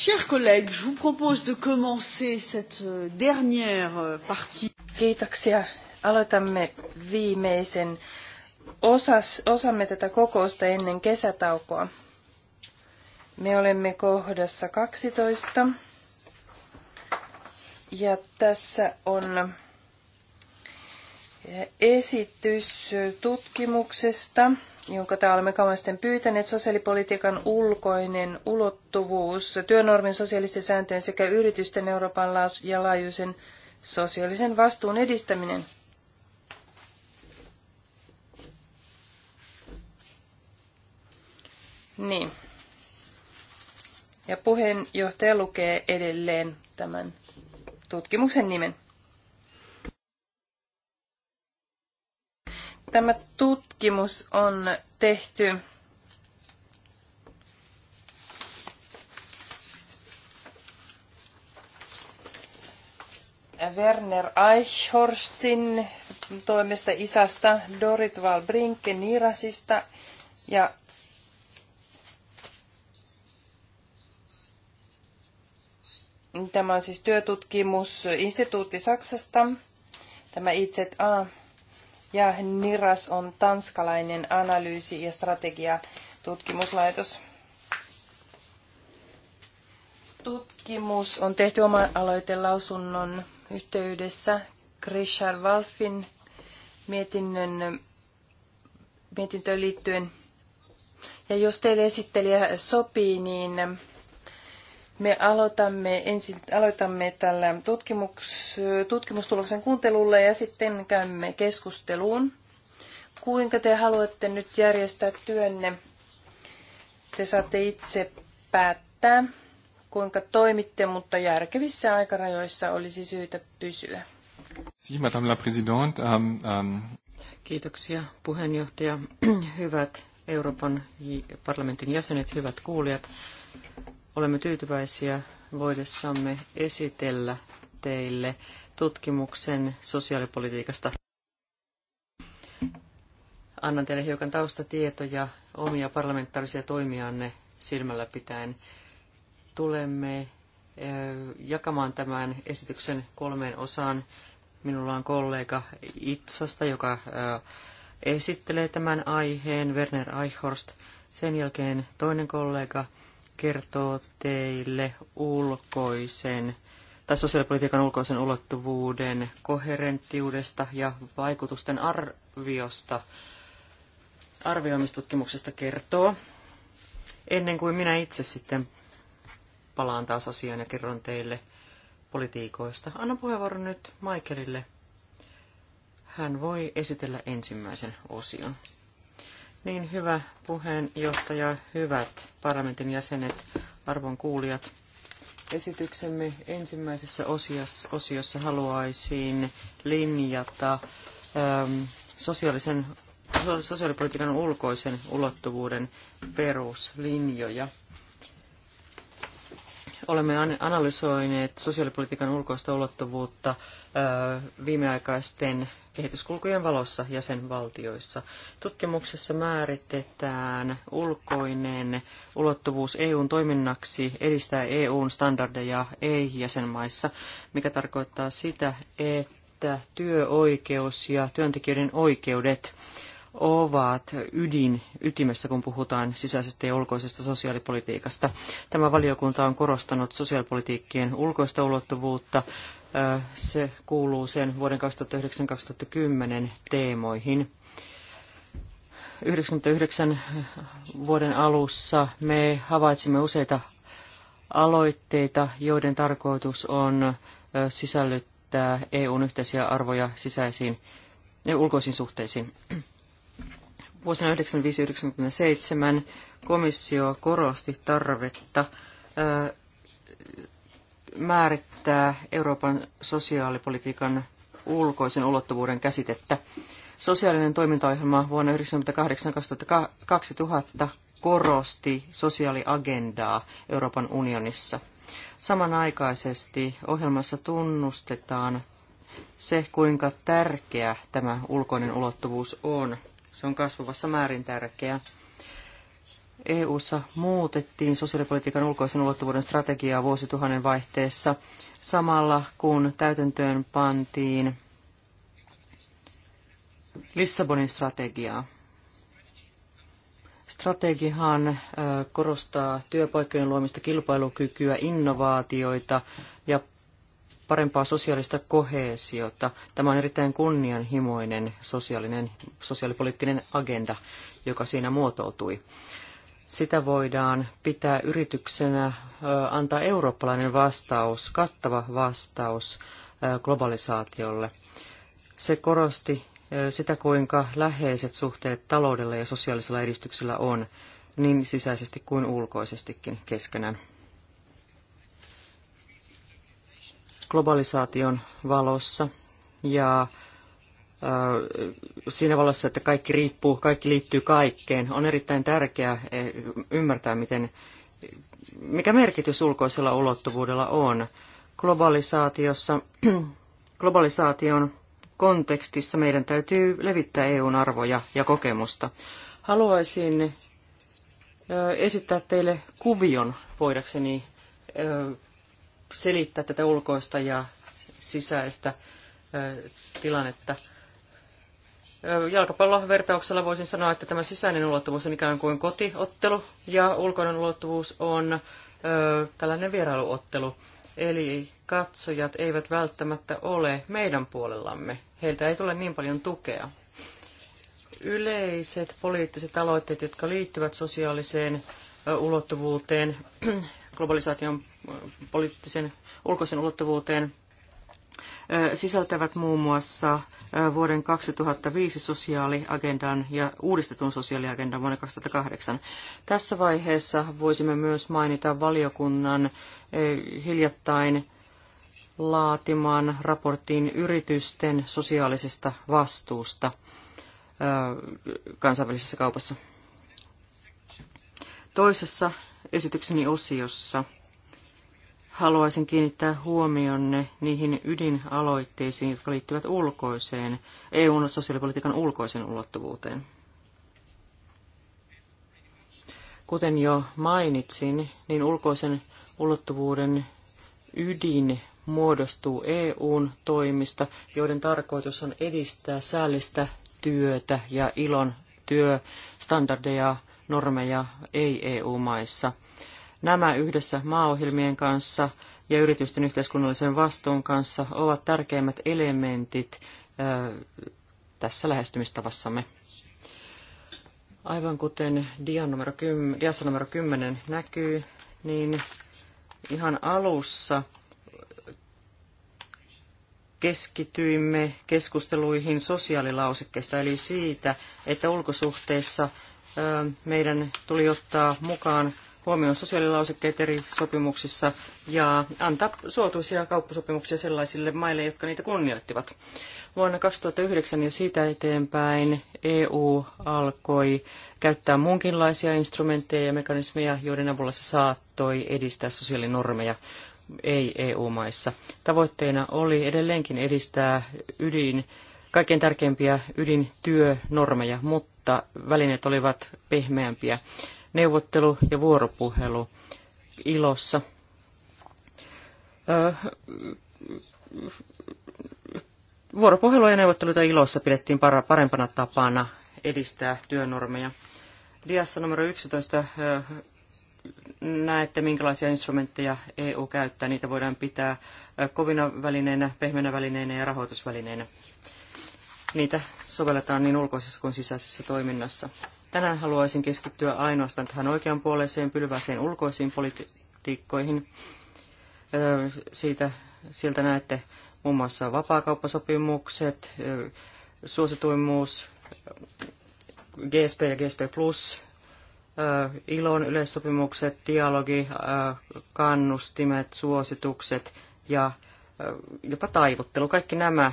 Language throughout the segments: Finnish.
Chers collègues, je vous propose de commencer cette euh, dernière euh, partie. Kiitoksia. Aloitamme viimeisen osas, osamme tätä kokousta ennen kesätaukoa. Me olemme kohdassa 12. Ja tässä on eh, esitys tutkimuksesta jonka täällä olemme kauan sitten pyytäneet, sosiaalipolitiikan ulkoinen ulottuvuus, työnormin sosiaalisten sääntöjen sekä yritysten Euroopan ja laajuisen sosiaalisen vastuun edistäminen. Niin. Ja puheenjohtaja lukee edelleen tämän tutkimuksen nimen. Tämä tutkimus on tehty Werner Eichhorstin toimesta isästä, Dorit Valbrinke Nirasista ja Tämä on siis työtutkimusinstituutti Saksasta, tämä IZA ja NIRAS on tanskalainen analyysi- ja strategiatutkimuslaitos. Tutkimus on tehty oma-aloitelausunnon yhteydessä Grishar Walfin mietinnön, mietintöön liittyen. Ja jos teille esittelijä sopii, niin me aloitamme, ensin, aloitamme tällä tutkimus, tutkimustuloksen kuuntelulla ja sitten käymme keskusteluun. Kuinka te haluatte nyt järjestää työnne? Te saatte itse päättää, kuinka toimitte, mutta järkevissä aikarajoissa olisi syytä pysyä. madame la présidente. Um, um, Kiitoksia puheenjohtaja. Hyvät Euroopan parlamentin jäsenet, hyvät kuulijat. Olemme tyytyväisiä voidessamme esitellä teille tutkimuksen sosiaalipolitiikasta. Annan teille hiukan taustatietoja omia parlamentaarisia toimijanne silmällä pitäen. Tulemme jakamaan tämän esityksen kolmeen osaan. Minulla on kollega Itsasta, joka esittelee tämän aiheen, Werner Eichhorst. Sen jälkeen toinen kollega kertoo teille ulkoisen tai sosiaalipolitiikan ulkoisen ulottuvuuden koherenttiudesta ja vaikutusten arviosta, arvioimistutkimuksesta kertoo. Ennen kuin minä itse sitten palaan taas asiaan ja kerron teille politiikoista. Annan puheenvuoron nyt Michaelille. Hän voi esitellä ensimmäisen osion. Niin hyvä puheenjohtaja, hyvät parlamentin jäsenet, arvon kuulijat. Esityksemme ensimmäisessä osiossa, osiossa haluaisin linjata äm, sosiaalisen, sosiaalipolitiikan ulkoisen ulottuvuuden peruslinjoja. Olemme analysoineet sosiaalipolitiikan ulkoista ulottuvuutta äh, viimeaikaisten kehityskulkujen valossa jäsenvaltioissa. Tutkimuksessa määritetään ulkoinen ulottuvuus EUn toiminnaksi edistää EUn standardeja ei-jäsenmaissa, mikä tarkoittaa sitä, että työoikeus ja työntekijöiden oikeudet ovat ydin, ytimessä, kun puhutaan sisäisestä ja ulkoisesta sosiaalipolitiikasta. Tämä valiokunta on korostanut sosiaalipolitiikkien ulkoista ulottuvuutta Äh, se kuuluu sen vuoden 2009-2010 teemoihin. 1999 vuoden alussa me havaitsimme useita aloitteita, joiden tarkoitus on äh, sisällyttää EUn yhteisiä arvoja sisäisiin ja äh, ulkoisiin suhteisiin. Vuosina 1995-1997 komissio korosti tarvetta määrittää Euroopan sosiaalipolitiikan ulkoisen ulottuvuuden käsitettä. Sosiaalinen toimintaohjelma vuonna 1998-2000 korosti sosiaaliagendaa Euroopan unionissa. Samanaikaisesti ohjelmassa tunnustetaan se, kuinka tärkeä tämä ulkoinen ulottuvuus on. Se on kasvavassa määrin tärkeä. EU-ssa muutettiin sosiaalipolitiikan ulkoisen ulottuvuuden strategiaa vuosituhannen vaihteessa samalla kun täytäntöön pantiin Lissabonin strategiaa. Strategihan korostaa työpaikkojen luomista kilpailukykyä, innovaatioita ja parempaa sosiaalista koheesiota. Tämä on erittäin kunnianhimoinen sosiaalinen, sosiaalipoliittinen agenda, joka siinä muotoutui sitä voidaan pitää yrityksenä antaa eurooppalainen vastaus, kattava vastaus globalisaatiolle. Se korosti sitä, kuinka läheiset suhteet taloudella ja sosiaalisella edistyksellä on, niin sisäisesti kuin ulkoisestikin keskenään. Globalisaation valossa ja Äh, siinä valossa, että kaikki riippuu, kaikki liittyy kaikkeen. On erittäin tärkeää eh, ymmärtää, miten, mikä merkitys ulkoisella ulottuvuudella on. Globalisaatiossa, globalisaation kontekstissa meidän täytyy levittää EUn arvoja ja kokemusta. Haluaisin eh, esittää teille kuvion voidakseni eh, selittää tätä ulkoista ja sisäistä tilannetta. Jalkapallovertauksella voisin sanoa, että tämä sisäinen ulottuvuus on ikään kuin kotiottelu ja ulkoinen ulottuvuus on tällainen vierailuottelu. Eli katsojat eivät välttämättä ole meidän puolellamme. Heiltä ei tule niin paljon tukea. Yleiset poliittiset aloitteet, jotka liittyvät sosiaaliseen ulottuvuuteen, globalisaation poliittisen ulkoisen ulottuvuuteen, sisältävät muun muassa vuoden 2005 sosiaaliagendan ja uudistetun sosiaaliagendan vuonna 2008. Tässä vaiheessa voisimme myös mainita valiokunnan hiljattain laatiman raportin yritysten sosiaalisesta vastuusta kansainvälisessä kaupassa. Toisessa esitykseni osiossa – haluaisin kiinnittää huomionne niihin ydinaloitteisiin, jotka liittyvät ulkoiseen, EUn sosiaalipolitiikan ulkoisen ulottuvuuteen. Kuten jo mainitsin, niin ulkoisen ulottuvuuden ydin muodostuu EUn toimista, joiden tarkoitus on edistää säällistä työtä ja ilon työstandardeja, normeja ei-EU-maissa – Nämä yhdessä maaohjelmien kanssa ja yritysten yhteiskunnallisen vastuun kanssa ovat tärkeimmät elementit tässä lähestymistavassamme. Aivan kuten dian numero 10, diassa numero 10 näkyy, niin ihan alussa keskityimme keskusteluihin sosiaalilausekkeesta, eli siitä, että ulkosuhteissa meidän tuli ottaa mukaan huomioon sosiaalilausekkeet eri sopimuksissa ja antaa suotuisia kauppasopimuksia sellaisille maille, jotka niitä kunnioittivat. Vuonna 2009 ja siitä eteenpäin EU alkoi käyttää muunkinlaisia instrumentteja ja mekanismeja, joiden avulla se saattoi edistää sosiaalinormeja ei EU-maissa. Tavoitteena oli edelleenkin edistää ydin, kaikkein tärkeimpiä ydintyönormeja, mutta välineet olivat pehmeämpiä neuvottelu ja vuoropuhelu ilossa. Vuoropuhelu ja neuvotteluita ilossa pidettiin parempana tapana edistää työnormeja. Diassa numero 11 näette, minkälaisia instrumentteja EU käyttää. Niitä voidaan pitää kovina välineinä, pehmeänä välineinä ja rahoitusvälineinä. Niitä sovelletaan niin ulkoisessa kuin sisäisessä toiminnassa. Tänään haluaisin keskittyä ainoastaan tähän oikeanpuoleiseen pylväseen ulkoisiin politiikkoihin. Siitä, sieltä näette muun muassa vapaakauppasopimukset, suosituimmuus, GSP ja GSP+, Plus ilon yleissopimukset, dialogi, kannustimet, suositukset ja jopa taivuttelu. Kaikki nämä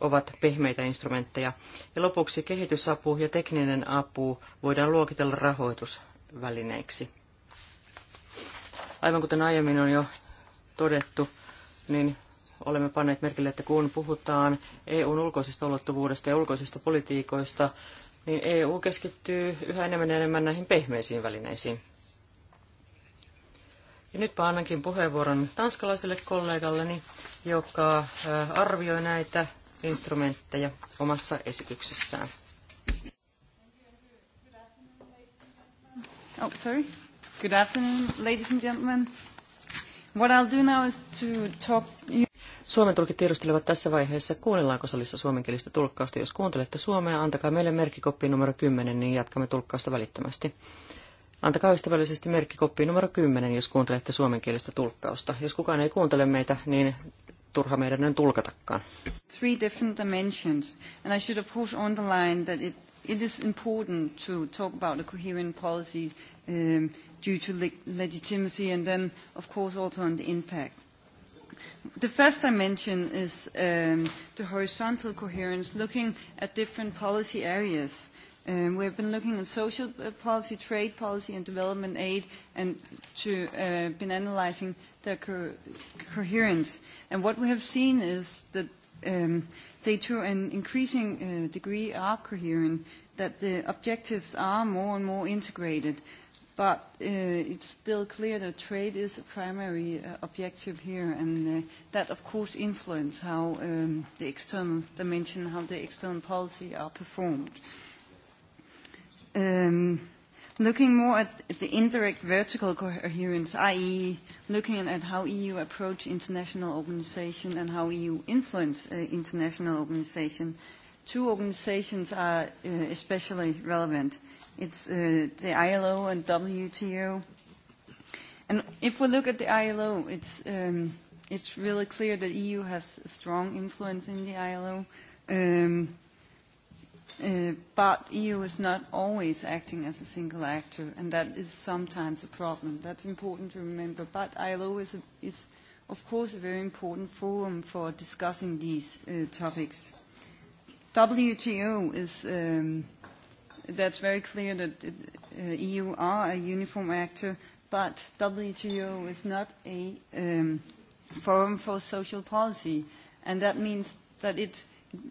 ovat pehmeitä instrumentteja. Ja lopuksi kehitysapu ja tekninen apu voidaan luokitella rahoitusvälineiksi. Aivan kuten aiemmin on jo todettu, niin olemme panneet merkille, että kun puhutaan EUn ulkoisesta ulottuvuudesta ja ulkoisista politiikoista, niin EU keskittyy yhä enemmän ja enemmän näihin pehmeisiin välineisiin. Ja nyt annankin puheenvuoron tanskalaiselle kollegalleni, joka arvioi näitä instrumentteja omassa esityksessään. Oh, sorry. Good afternoon, ladies and gentlemen. What I'll do now is to talk... Suomen tulkit tiedustelevat tässä vaiheessa, kuunnellaanko salissa suomenkielistä tulkkausta. Jos kuuntelette suomea, antakaa meille merkkikoppi numero 10, niin jatkamme tulkkausta välittömästi. Antakaa ystävällisesti merkkikoppi numero 10, jos kuuntelette suomenkielistä tulkkausta. Jos kukaan ei kuuntele meitä, niin turha meidän on tulkatakaan. Three different dimensions, and I should of course underline that it, it is important to talk about a coherent policy um, due to le legitimacy and then of course also on the impact. The first dimension is um, the horizontal coherence, looking at different policy areas. Um, have been looking at social uh, policy, trade policy, and development aid, and to uh, been analysing their co coherence. And what we have seen is that um, they, to an increasing uh, degree, are coherent, that the objectives are more and more integrated. But uh, it's still clear that trade is a primary uh, objective here, and uh, that, of course, influences how um, the external dimension, how the external policy are performed. Um, Looking more at the indirect vertical coherence, i.e., looking at how EU approach international organization and how EU influence uh, international organization, two organizations are uh, especially relevant. It's uh, the ILO and WTO. And if we look at the ILO, it's, um, it's really clear that EU has strong influence in the ILO. Um, Uh, but EU is not always acting as a single actor, and that is sometimes a problem. That's important to remember. But ILO is, a, is of course, a very important forum for discussing these uh, topics. WTO is, um, that's very clear that it, uh, EU are a uniform actor, but WTO is not a um, forum for social policy, and that means that it's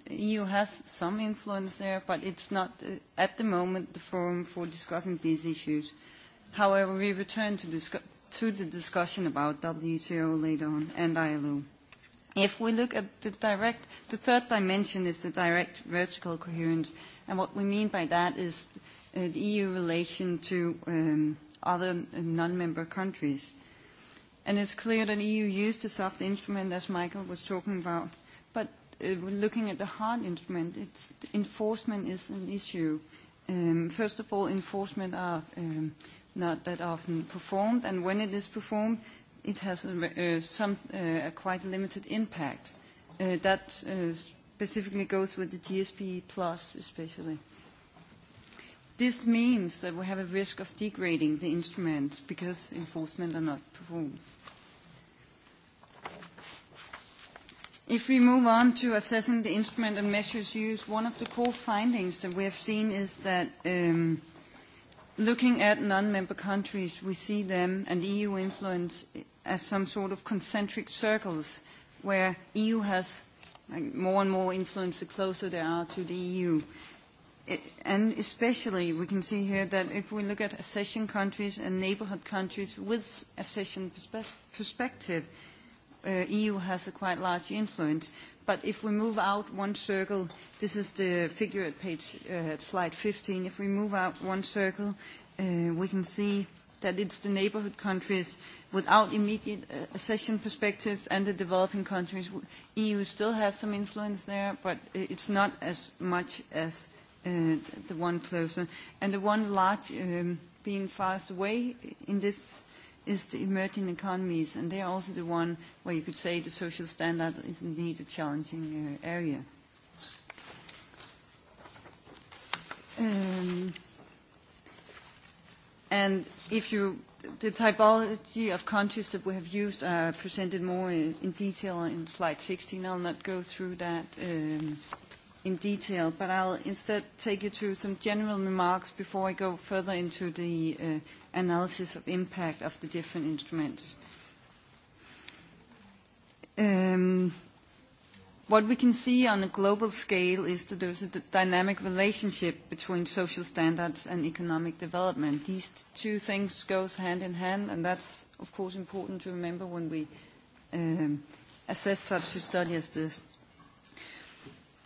EU has some influence there, but it's not uh, at the moment the forum for discussing these issues. However, we return to, to the discussion about WTO later on and ILO. If we look at the direct, the third dimension is the direct vertical coherence, and what we mean by that is uh, the EU relation to um, other non-member countries. And it's clear that EU used the soft instrument, as Michael was talking about, Uh, looking at the hard instrument, it's, enforcement is an issue. Um, first of all, enforcement are um, not that often performed, and when it is performed, it has a, uh, some, uh, a quite limited impact. Uh, that uh, specifically goes with the GSP Plus especially. This means that we have a risk of degrading the instruments because enforcement are not performed. If we move on to assessing the instrument and measures used, one of the core findings that we have seen is that um, looking at non-member countries, we see them and EU influence as some sort of concentric circles where EU has like, more and more influence the closer they are to the EU. It, and especially we can see here that if we look at accession countries and neighborhood countries with accession perspe perspective, uh, EU has a quite large influence. But if we move out one circle, this is the figure at page uh, at slide 15. If we move out one circle, uh, we can see that it's the neighborhood countries without immediate uh, accession perspectives and the developing countries. EU still has some influence there, but it's not as much as uh, the one closer. And the one large um, being far away in this is the emerging economies, and they are also the one where you could say the social standard is indeed a challenging uh, area. Um, and if you, the typology of countries that we have used are presented more in, in detail in slide 16. I'll not go through that um, in detail, but I'll instead take you through some general remarks before I go further into the uh, analysis of impact of the different instruments. Um, what we can see on a global scale is that there's a dynamic relationship between social standards and economic development. These two things goes hand in hand, and that's, of course, important to remember when we um, assess such a study as this.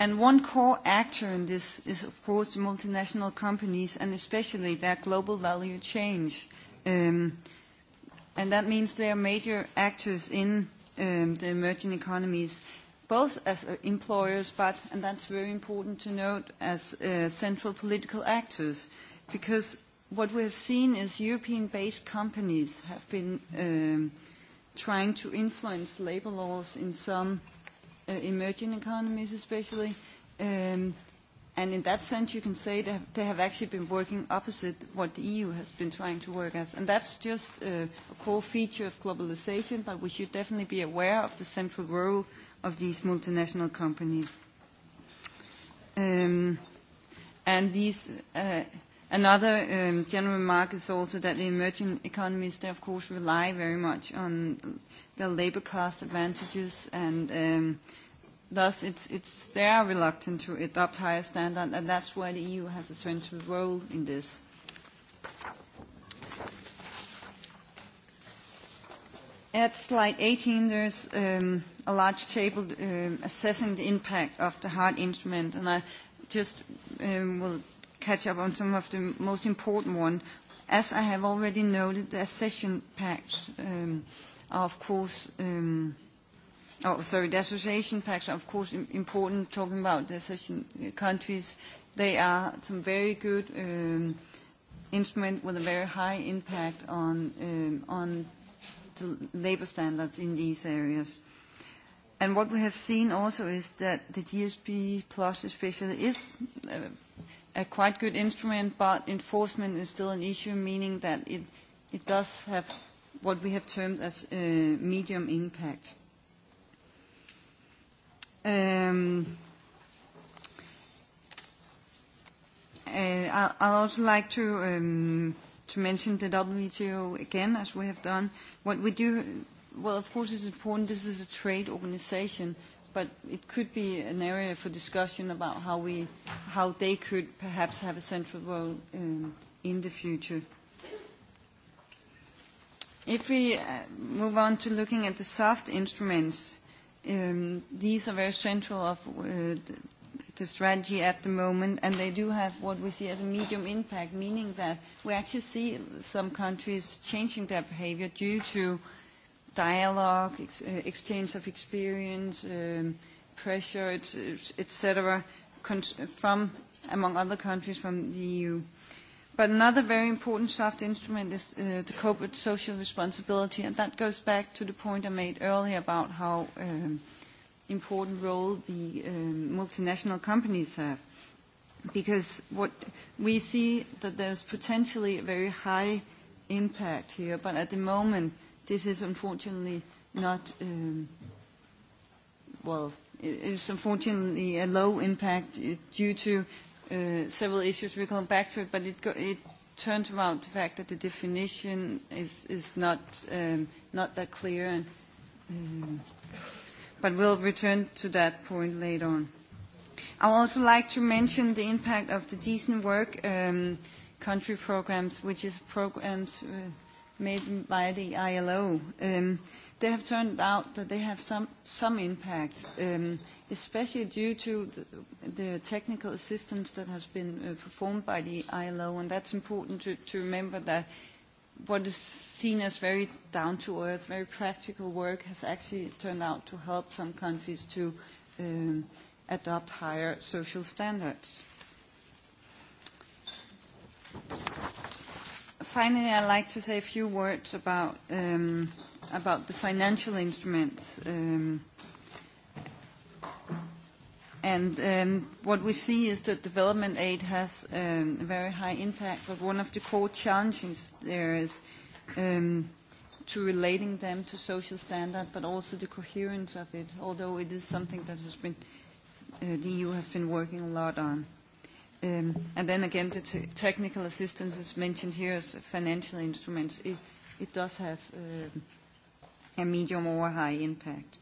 And one core actor in this is, of course, multinational companies and especially their global value change. Um, and that means they are major actors in um, the emerging economies, both as uh, employers, but, and that's very important to note, as uh, central political actors, because what we have seen is European-based companies have been um, trying to influence labor laws in some uh, emerging economies especially. Um, and in that sense, you can say that they have actually been working opposite what the EU has been trying to work as. And that's just uh, a core feature of globalization, but we should definitely be aware of the central role of these multinational companies. Um, and these, uh, another um, general remark is also that the emerging economies, they of course rely very much on the labor cost advantages, and um, thus it's, they are reluctant to adopt higher standard and that's why the EU has a central role in this. At slide 18, there's um, a large table um, assessing the impact of the hard instrument, and I just will catch up on some of the most important one. As I have already noted, the accession pact of course, oh, sorry, the association pact, of course, important, talking about the association uh, countries. They are some very good um, instrument with a very high impact on, um, on the labor standards in these areas. And what we have seen also is that the GSP Plus especially is uh, a quite good instrument, but enforcement is still an issue, meaning that it, it does have what we have termed as uh, medium impact. Um, uh, I'll also like to, um, to mention the WTO again, as we have done. What we do, well, of course, it's important this is a trade organization, but it could be an area for discussion about how, we, how they could perhaps have a central role um, in the future. If we uh, move on to looking at the soft instruments, um, these are very central of uh, the strategy at the moment, and they do have what we see as a medium impact, meaning that we actually see some countries changing their behavior due to dialogue, ex uh, exchange of experience, um, pressure, et cetera, from, among other countries from the EU. But another very important soft instrument is uh, the corporate social responsibility, and that goes back to the point I made earlier about how um, important role the um, multinational companies have. Because what we see that there's potentially a very high impact here, but at the moment, this is unfortunately not, um, well, it is unfortunately a low impact uh, due to Uh, several issues. We'll come back to it, but it, go, it turns around the fact that the definition is, is not, um, not that clear. And, um, but we'll return to that point later on. I would also like to mention the impact of the decent work um, country programs, which is programs uh, made by the ILO. Um, they have turned out that they have some, some impact. Um, especially due to the, the technical assistance that has been uh, performed by the ILO, and that's important to, to remember that what is seen as very down-to-earth, very practical work has actually turned out to help some countries to um, adopt higher social standards. Finally, I'd like to say a few words about, um, about the financial instruments um, – And um, what we see is that development aid has um, a very high impact, but one of the core challenges there is um, to relating them to social standard, but also the coherence of it, although it is something that has been, uh, the EU has been working a lot on. Um, and then again, the technical assistance is mentioned here as financial instruments. It, it does have uh, a medium or high impact.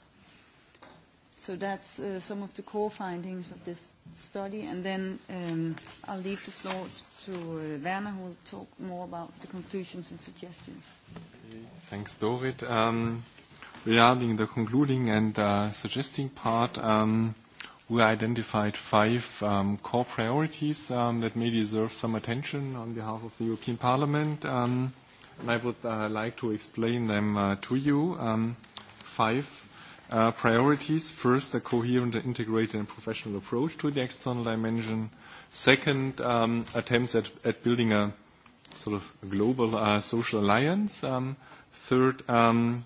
So that's uh, some of the core findings of this study. And then um, I'll leave the floor to uh, Werner, who will talk more about the conclusions and suggestions. Okay. Thanks, Dorit. Um, regarding the concluding and uh, suggesting part, um, we identified five um, core priorities um, that may deserve some attention on behalf of the European Parliament. Um, and I would uh, like to explain them uh, to you. Um, five Uh, priorities. First, a coherent, integrated, and professional approach to the external dimension. Second, um, attempts at, building a sort of global uh, social alliance. Um, third, um,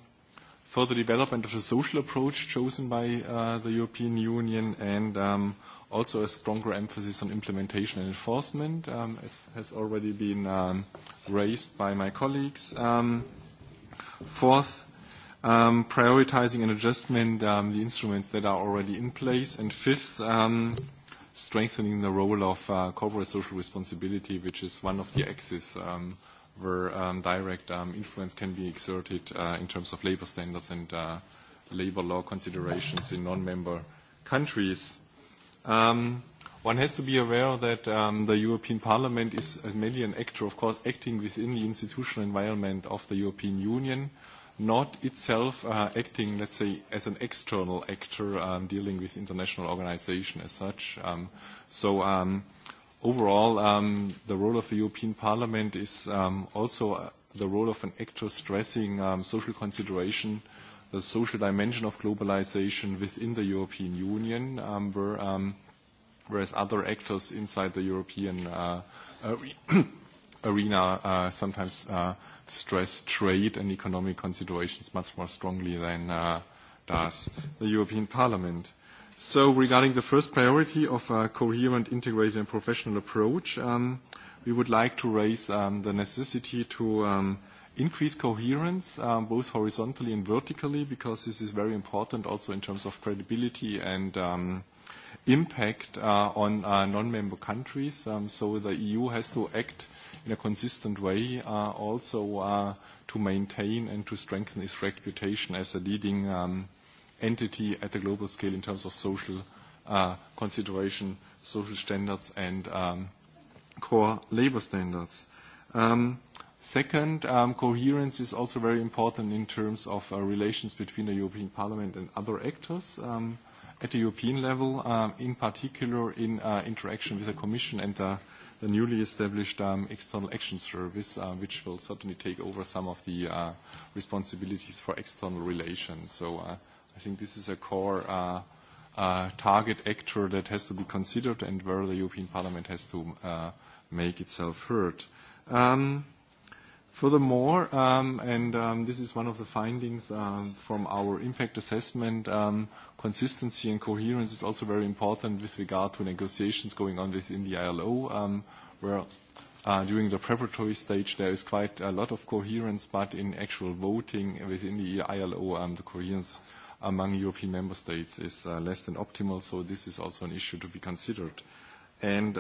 further development of the social approach chosen by uh, the European Union, and also a stronger emphasis on implementation and enforcement, as has already been raised by my colleagues. fourth, Um, prioritizing and adjustment um, the instruments that are already in place. And fifth, um, strengthening the role of uh, corporate social responsibility, which is one of the axes where direct influence can be exerted uh, in terms of labor standards and uh, labor law considerations in non-member countries. one has to be aware that the European Parliament is mainly an actor, of course, acting within the institutional environment of the European Union not itself uh, acting, let's say, as an external actor um, dealing with international organization as such. Um, so um, overall, um, the role of the European Parliament is um, also uh, the role of an actor stressing um, social consideration, the social dimension of globalization within the European Union, um, where, um, whereas other actors inside the European uh, arena uh, sometimes uh, stress trade and economic considerations much more strongly than uh, does the European Parliament. So regarding the first priority of a coherent, integrated and professional approach, um, we would like to raise um, the necessity to um, increase coherence, both horizontally and vertically, because this is very important also in terms of credibility and impact uh, on uh, non-member countries. so the EU has to act in a consistent way, uh, also uh, to maintain and to strengthen its reputation as a leading um, entity at a global scale in terms of social uh, consideration, social standards, and um, core labor standards. Um, second, coherence is also very important in terms of relations between the European Parliament and other actors at the European level, in particular in interaction with the Commission and the the newly established um, External Action Service, uh, which will certainly take over some of the uh, responsibilities for external relations. So uh, I think this is a core uh, uh, target actor that has to be considered and where the European Parliament has to uh, make itself heard. Um, Furthermore, um, and um, this is one of the findings um, from our impact assessment, consistency and coherence is also very important with regard to negotiations going on within the ILO, where uh, during the preparatory stage, there is quite a lot of coherence, but in actual voting within the ILO, the coherence among European member states is uh, less than optimal, so this is also an issue to be considered. And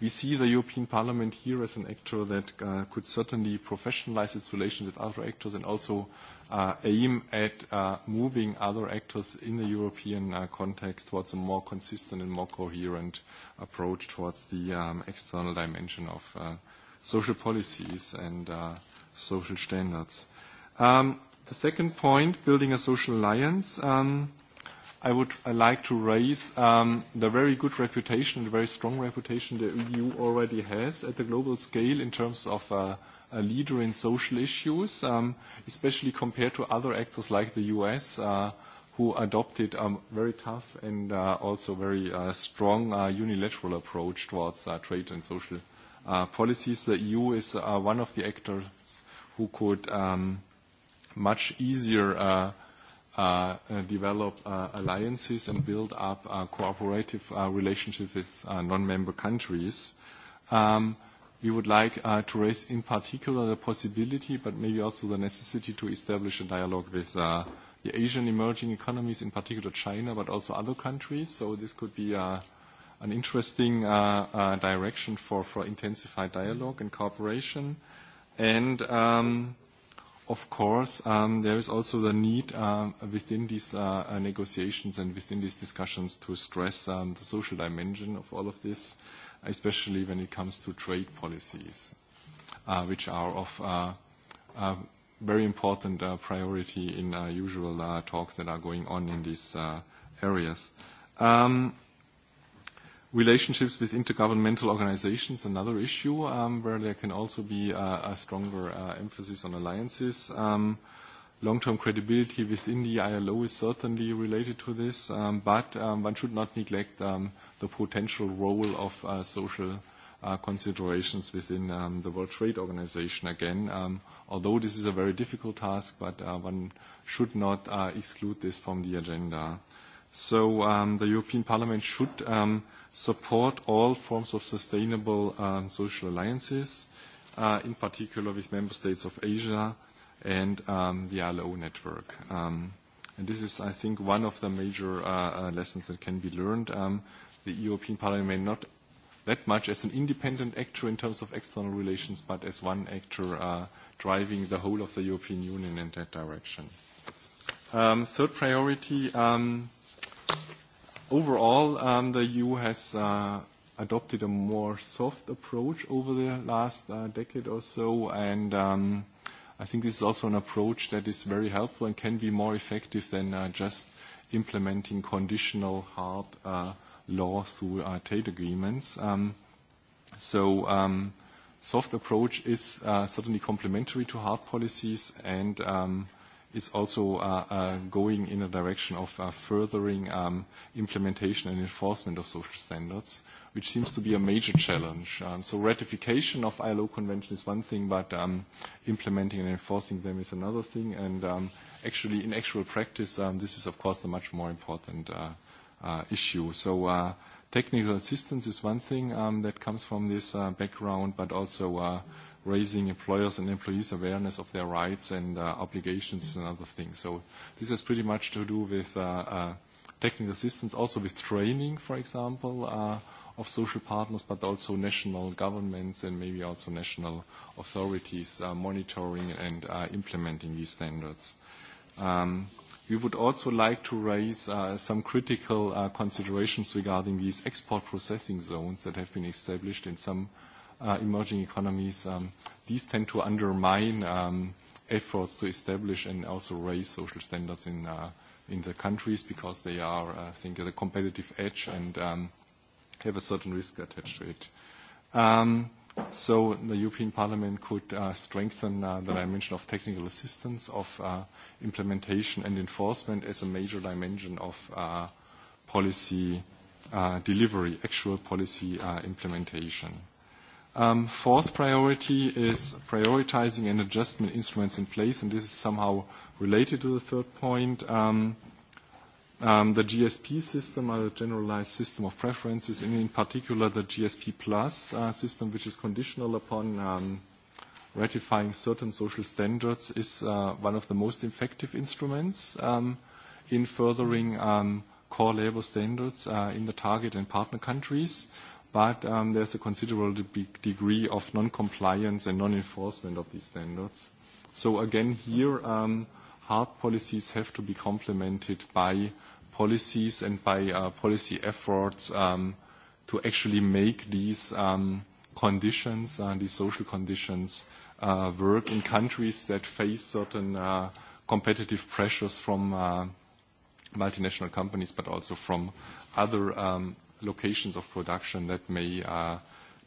we see the European Parliament here as an actor that uh, could certainly professionalize its relations with other actors and also uh, aim at uh, moving other actors in the European uh, context towards a more consistent and more coherent approach towards the um, external dimension of uh, social policies and uh, social standards. Um, the second point, building a social alliance. Um, I would uh, like to raise um, the very good reputation, the very strong reputation the EU already has at the global scale in terms of uh, a leader in social issues, um, especially compared to other actors like the US, uh, who adopted a um, very tough and uh, also very uh, strong uh, unilateral approach towards uh, trade and social policies. The EU is one of the actors who could um, much easier Uh, uh, develop uh, alliances and build up cooperative relationships with non-member countries. Um, we would like to raise in particular the possibility, but maybe also the necessity to establish a dialogue with the Asian emerging economies, in particular China, but also other countries. So this could be an interesting direction for, intensified dialogue and cooperation. And um, of course, um, there is also the need uh, within these uh, uh, negotiations and within these discussions to stress um, the social dimension of all of this, especially when it comes to trade policies, uh, which are of uh, uh, very important priority in usual talks that are going on in these areas. Um, Relationships with intergovernmental organizations, another issue um, where there can also be a stronger uh, emphasis on alliances. Um, Long-term credibility within the ILO is certainly related to this, um, but um, one should not neglect um, the potential role of uh, social uh, considerations within um, the World Trade Organization again. Although this is a very difficult task, but uh, one should not uh, exclude this from the agenda. So The European Parliament should support all forms of sustainable um, social alliances, uh, in particular with member states of Asia and um, the ILO network. Um, and this is, I think, one of the major uh, uh, lessons that can be learned. Um, the European Parliament may not that much as an independent actor in terms of external relations, but as one actor uh, driving the whole of the European Union in that direction. Um, third priority, um, Overall, um, the EU has uh, adopted a more soft approach over the last uh, decade or so, and um, I think this is also an approach that is very helpful and can be more effective than uh, just implementing conditional hard laws through trade agreements. Um, so soft approach is certainly complementary to hard policies and is also uh, uh, going in a direction of uh, furthering um, implementation and enforcement of social standards, which seems to be a major challenge. Um, so ratification of ILO convention is one thing, but um, implementing and enforcing them is another thing. And actually, in actual practice, this is, of course, a much more important issue. So technical assistance is one thing that comes from this background, but also raising employers and employees' awareness of their rights and uh, obligations and other things. So this has pretty much to do with uh, uh, technical assistance, also with training, for example, uh, of social partners, but also national governments and maybe also national authorities uh, monitoring and uh, implementing these standards. Um, we would also like to raise uh, some critical uh, considerations regarding these export processing zones that have been established in some uh, emerging economies, um, these tend to undermine um, efforts to establish and also raise social standards in, uh, in the countries because they are, uh, I think, at a competitive edge and um, have a certain risk attached to it. Um, so the European Parliament could uh, strengthen uh, the dimension of technical assistance, of uh, implementation and enforcement as a major dimension of uh, policy uh, delivery, actual policy uh, implementation. Um, fourth priority is prioritizing and adjustment instruments in place, and this is somehow related to the third point. Um, um, the GSP system, or the generalized system of preferences, and in particular the GSP Plus uh, system, which is conditional upon ratifying certain social standards, is uh, one of the most effective instruments in furthering core labor standards uh, in the target and partner countries but um, there's a considerable de degree of non-compliance and non-enforcement of these standards. So again, here, um, hard policies have to be complemented by policies and by uh, policy efforts um, to actually make these um, conditions, uh, these social conditions, uh, work in countries that face certain uh, competitive pressures from uh, multinational companies, but also from other um, locations of production that may uh,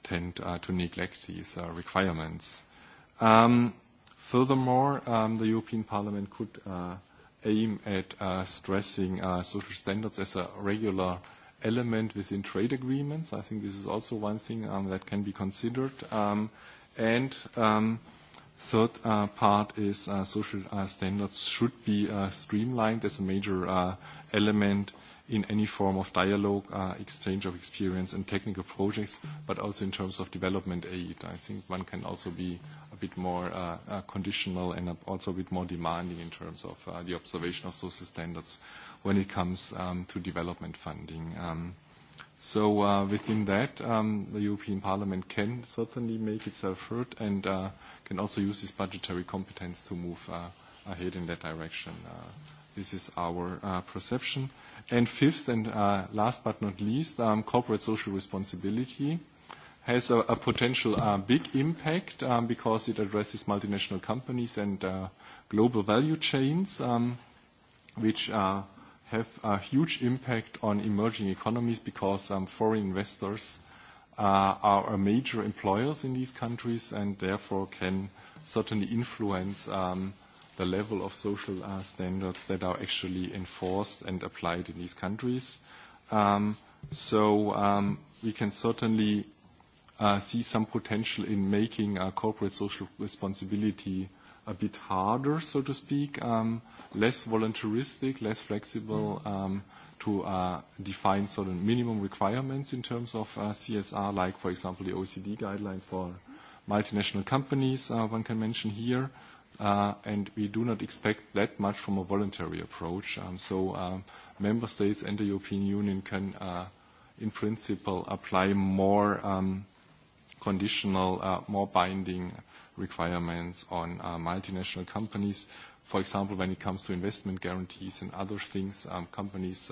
tend uh, to neglect these uh, requirements. Um, furthermore, um, the European Parliament could aim at stressing social standards as a regular element within trade agreements. I think this is also one thing um, that can be considered. and third part is social standards should be streamlined as a major element in any form of dialogue, uh, exchange of experience and technical projects, but also in terms of development aid. I think one can also be a bit more uh, uh, conditional and also a bit more demanding in terms of uh, the observation of social standards when it comes um, to development funding. Um, so uh, within that, um, the European Parliament can certainly make itself heard and uh, can also use its budgetary competence to move uh, ahead in that direction. Uh, this is our uh, perception. And fifth, and uh, last but not least, um, corporate social responsibility has a, potential uh, big impact um, because it addresses multinational companies and uh, global value chains, um, which have a huge impact on emerging economies because foreign investors are major employers in these countries and therefore can certainly influence the level of social uh, standards that are actually enforced and applied in these countries. Um, so um, we can certainly uh, see some potential in making uh, corporate social responsibility a bit harder, so to speak, um, less voluntaristic, less flexible um, to uh, define certain minimum requirements in terms of uh, CSR, like, for example, the OECD guidelines for multinational companies uh, one can mention here. Uh, and we do not expect that much from a voluntary approach. Um, so um, member states and the European Union can, uh, in principle, apply more um, conditional, uh, more binding requirements on multinational companies. For example, when it comes to investment guarantees and other things, companies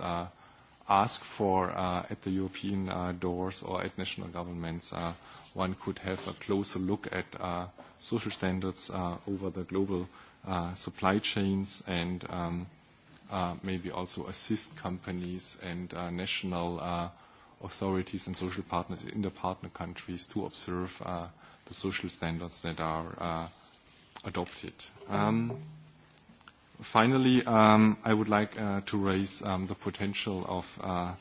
ask for uh, at the European uh, doors or at national governments. Uh, one could have a closer look at uh, social standards uh, over the global uh, supply chains and um, uh, maybe also assist companies and uh, national uh, authorities and social partners in the partner countries to observe uh, the social standards that are uh, adopted. Um, Finally, um, I would like uh, to raise um, the potential of uh,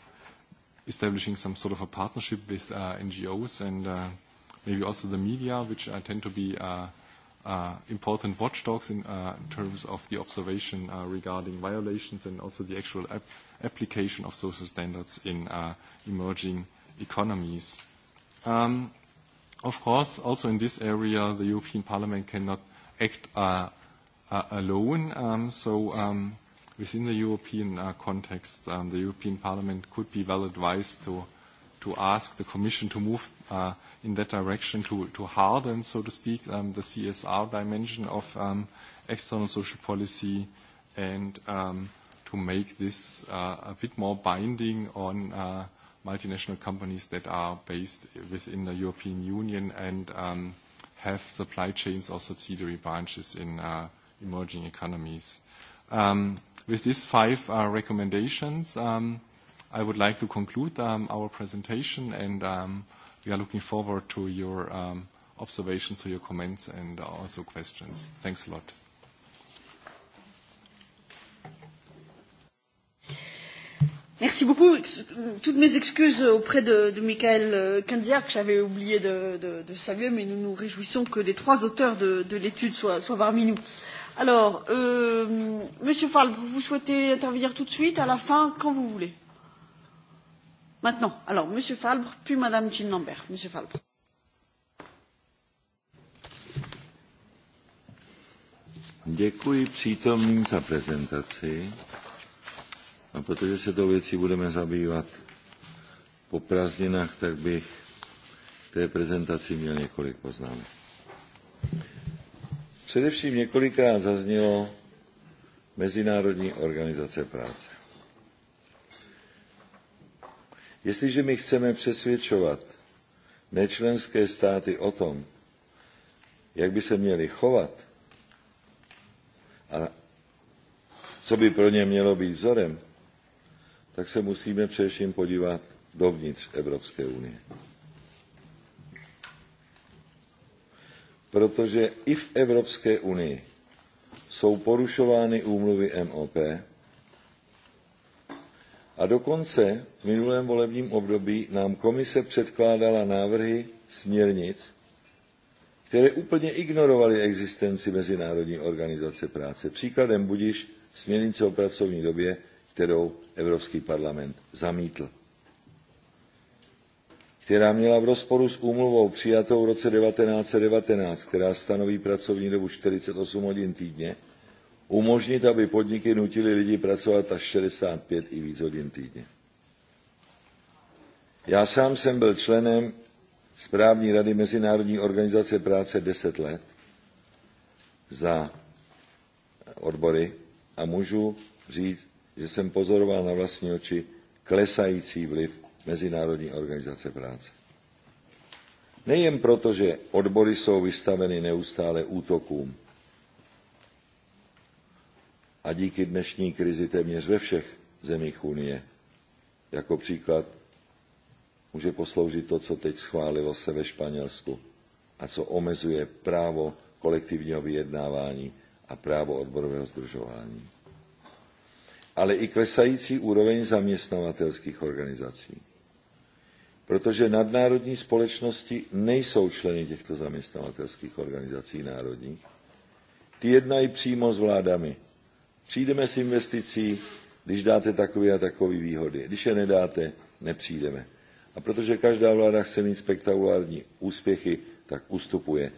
establishing some sort of a partnership with uh, NGOs and uh, maybe also the media, which uh, tend to be uh, uh, important watchdogs in uh, terms of the observation uh, regarding violations and also the actual ap- application of social standards in uh, emerging economies. Um, of course, also in this area, the European Parliament cannot act uh, uh, alone. Um, so um, within the European uh, context, um, the European Parliament could be well advised to, to ask the Commission to move uh, in that direction to, to harden, so to speak, um, the CSR dimension of um, external social policy and um, to make this uh, a bit more binding on uh, multinational companies that are based within the European Union and um, have supply chains or subsidiary branches in uh, emerging economies. Um, with these five uh, recommendations, um, I would like to conclude um, our presentation, and um, we are looking forward to your um, observations, to your comments, and uh, also questions. Thanks a lot. Merci beaucoup. Toutes mes excuses auprès de, de Michael euh, Kanzia, que j'avais oublié de, de, de saluer, mais nous nous réjouissons que les trois auteurs de, de l'étude soient, soient parmi nous. Euh, Alors, euh, Monsieur Falb, vous souhaitez intervenir tout de suite, à la fin, quand vous voulez. Maintenant. Alors, Monsieur Falbre, puis Madame Jean Lambert. Monsieur Falbre. Děkuji přítomným za prezentaci. A protože se tou věcí budeme zabývat po prázdninách, tak bych té prezentaci měl několik poznámek. Především několikrát zaznělo Mezinárodní organizace práce. Jestliže my chceme přesvědčovat nečlenské státy o tom, jak by se měli chovat a co by pro ně mělo být vzorem, tak se musíme především podívat dovnitř Evropské unie. protože i v Evropské unii jsou porušovány úmluvy MOP a dokonce v minulém volebním období nám komise předkládala návrhy směrnic, které úplně ignorovaly existenci Mezinárodní organizace práce. Příkladem budiš směrnice o pracovní době, kterou Evropský parlament zamítl která měla v rozporu s úmluvou přijatou v roce 1919, která stanoví pracovní dobu 48 hodin týdně, umožnit, aby podniky nutily lidi pracovat až 65 i víc hodin týdně. Já sám jsem byl členem správní rady Mezinárodní organizace práce 10 let za odbory a můžu říct, že jsem pozoroval na vlastní oči klesající vliv Mezinárodní organizace práce. Nejen proto, že odbory jsou vystaveny neustále útokům a díky dnešní krizi téměř ve všech zemích Unie, jako příklad může posloužit to, co teď schválilo se ve Španělsku a co omezuje právo kolektivního vyjednávání a právo odborového združování. Ale i klesající úroveň zaměstnavatelských organizací protože nadnárodní společnosti nejsou členy těchto zaměstnavatelských organizací národních. Ty jednají přímo s vládami. Přijdeme s investicí, když dáte takové a takové výhody. Když je nedáte, nepřijdeme. A protože každá vláda chce mít spektakulární úspěchy, tak ustupuje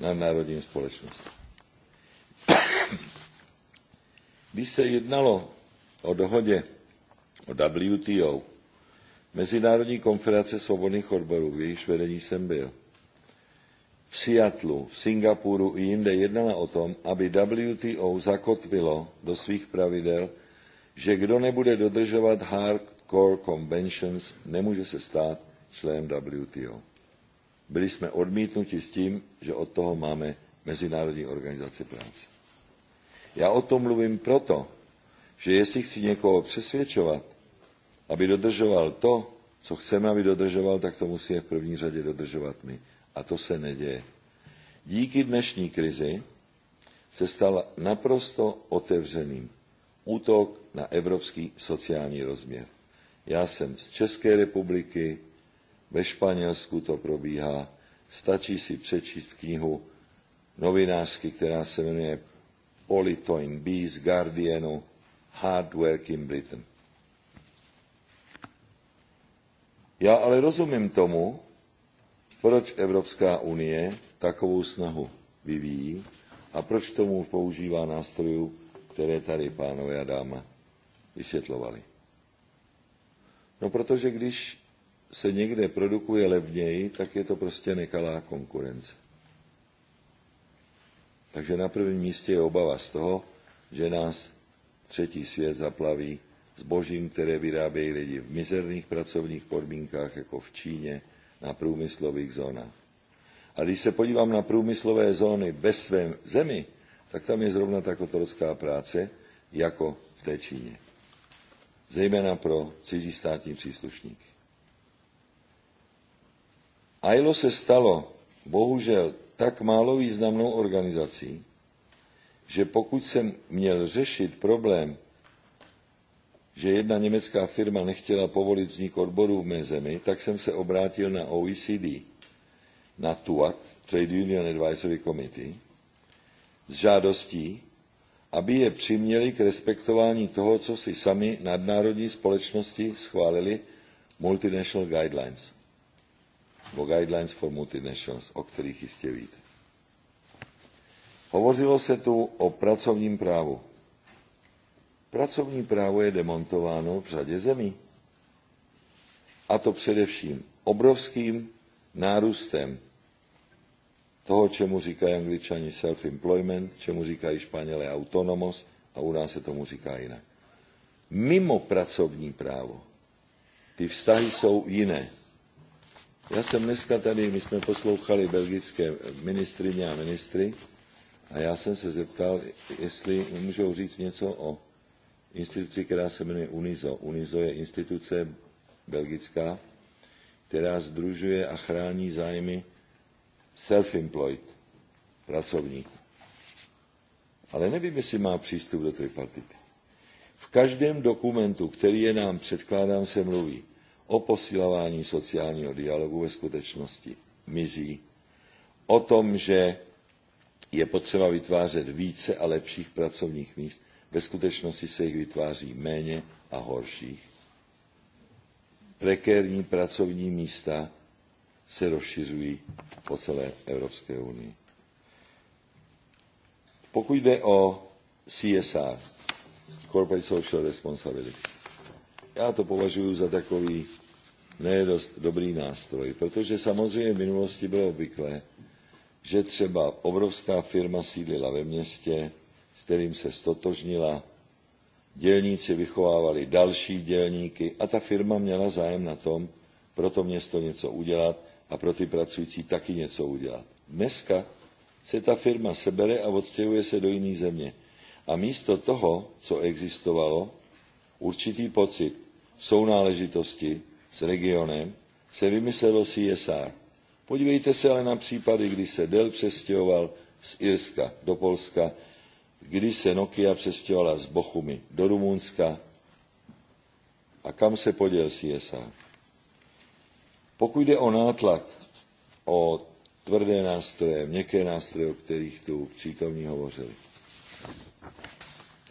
nadnárodním společnostem. Když se jednalo o dohodě o WTO, Mezinárodní konference svobodných odborů, v jejíž vedení jsem byl, v Seattlu, v Singapuru i jinde jednala o tom, aby WTO zakotvilo do svých pravidel, že kdo nebude dodržovat hardcore conventions, nemůže se stát členem WTO. Byli jsme odmítnuti s tím, že od toho máme Mezinárodní organizaci práce. Já o tom mluvím proto, že jestli chci někoho přesvědčovat, aby dodržoval to, co chceme, aby dodržoval, tak to musíme v první řadě dodržovat my. A to se neděje. Díky dnešní krizi se stal naprosto otevřeným útok na evropský sociální rozměr. Já jsem z České republiky, ve Španělsku to probíhá, stačí si přečíst knihu novinářky, která se jmenuje Politoin Bees Guardianu Hard Work in Britain. Já ale rozumím tomu, proč Evropská unie takovou snahu vyvíjí a proč tomu používá nástrojů, které tady pánové a dáma vysvětlovali. No protože když se někde produkuje levněji, tak je to prostě nekalá konkurence. Takže na prvním místě je obava z toho, že nás třetí svět zaplaví zbožím, které vyrábějí lidi v mizerných pracovních podmínkách, jako v Číně, na průmyslových zónách. A když se podívám na průmyslové zóny ve svém zemi, tak tam je zrovna tak otrocká práce, jako v té Číně. Zejména pro cizí státní příslušníky. ILO se stalo bohužel tak málo významnou organizací, že pokud jsem měl řešit problém že jedna německá firma nechtěla povolit vznik odborů v mé zemi, tak jsem se obrátil na OECD, na TUAC, Trade Union Advisory Committee, s žádostí, aby je přiměli k respektování toho, co si sami nadnárodní společnosti schválili Multinational Guidelines, nebo Guidelines for Multinationals, o kterých jistě víte. Hovořilo se tu o pracovním právu. Pracovní právo je demontováno v řadě zemí. A to především obrovským nárůstem toho, čemu říkají angličani self-employment, čemu říkají španělé autonomos a u nás se tomu říká jinak. Mimo pracovní právo ty vztahy jsou jiné. Já jsem dneska tady, my jsme poslouchali belgické ministrině a ministry a já jsem se zeptal, jestli můžou říct něco o instituci, která se jmenuje UNIZO. UNIZO je instituce belgická, která združuje a chrání zájmy self-employed pracovníků. Ale nevím, jestli má přístup do tripartity. V každém dokumentu, který je nám předkládán, se mluví o posilování sociálního dialogu ve skutečnosti mizí, o tom, že je potřeba vytvářet více a lepších pracovních míst. Ve skutečnosti se jich vytváří méně a horších. Prekérní pracovní místa se rozšiřují po celé Evropské unii. Pokud jde o CSR, Corporate Social Responsibility, já to považuji za takový nedost dobrý nástroj, protože samozřejmě v minulosti bylo obvyklé, že třeba obrovská firma sídlila ve městě, s kterým se stotožnila. Dělníci vychovávali další dělníky a ta firma měla zájem na tom, pro to město něco udělat a pro ty pracující taky něco udělat. Dneska se ta firma sebere a odstěhuje se do jiné země. A místo toho, co existovalo, určitý pocit sounáležitosti s regionem, se vymyslelo CSR. Podívejte se ale na případy, kdy se Del přestěhoval z Irska do Polska, kdy se Nokia přestěhovala z Bochumy do Rumunska a kam se poděl CSR. Pokud jde o nátlak, o tvrdé nástroje, měkké nástroje, o kterých tu přítomní hovořili.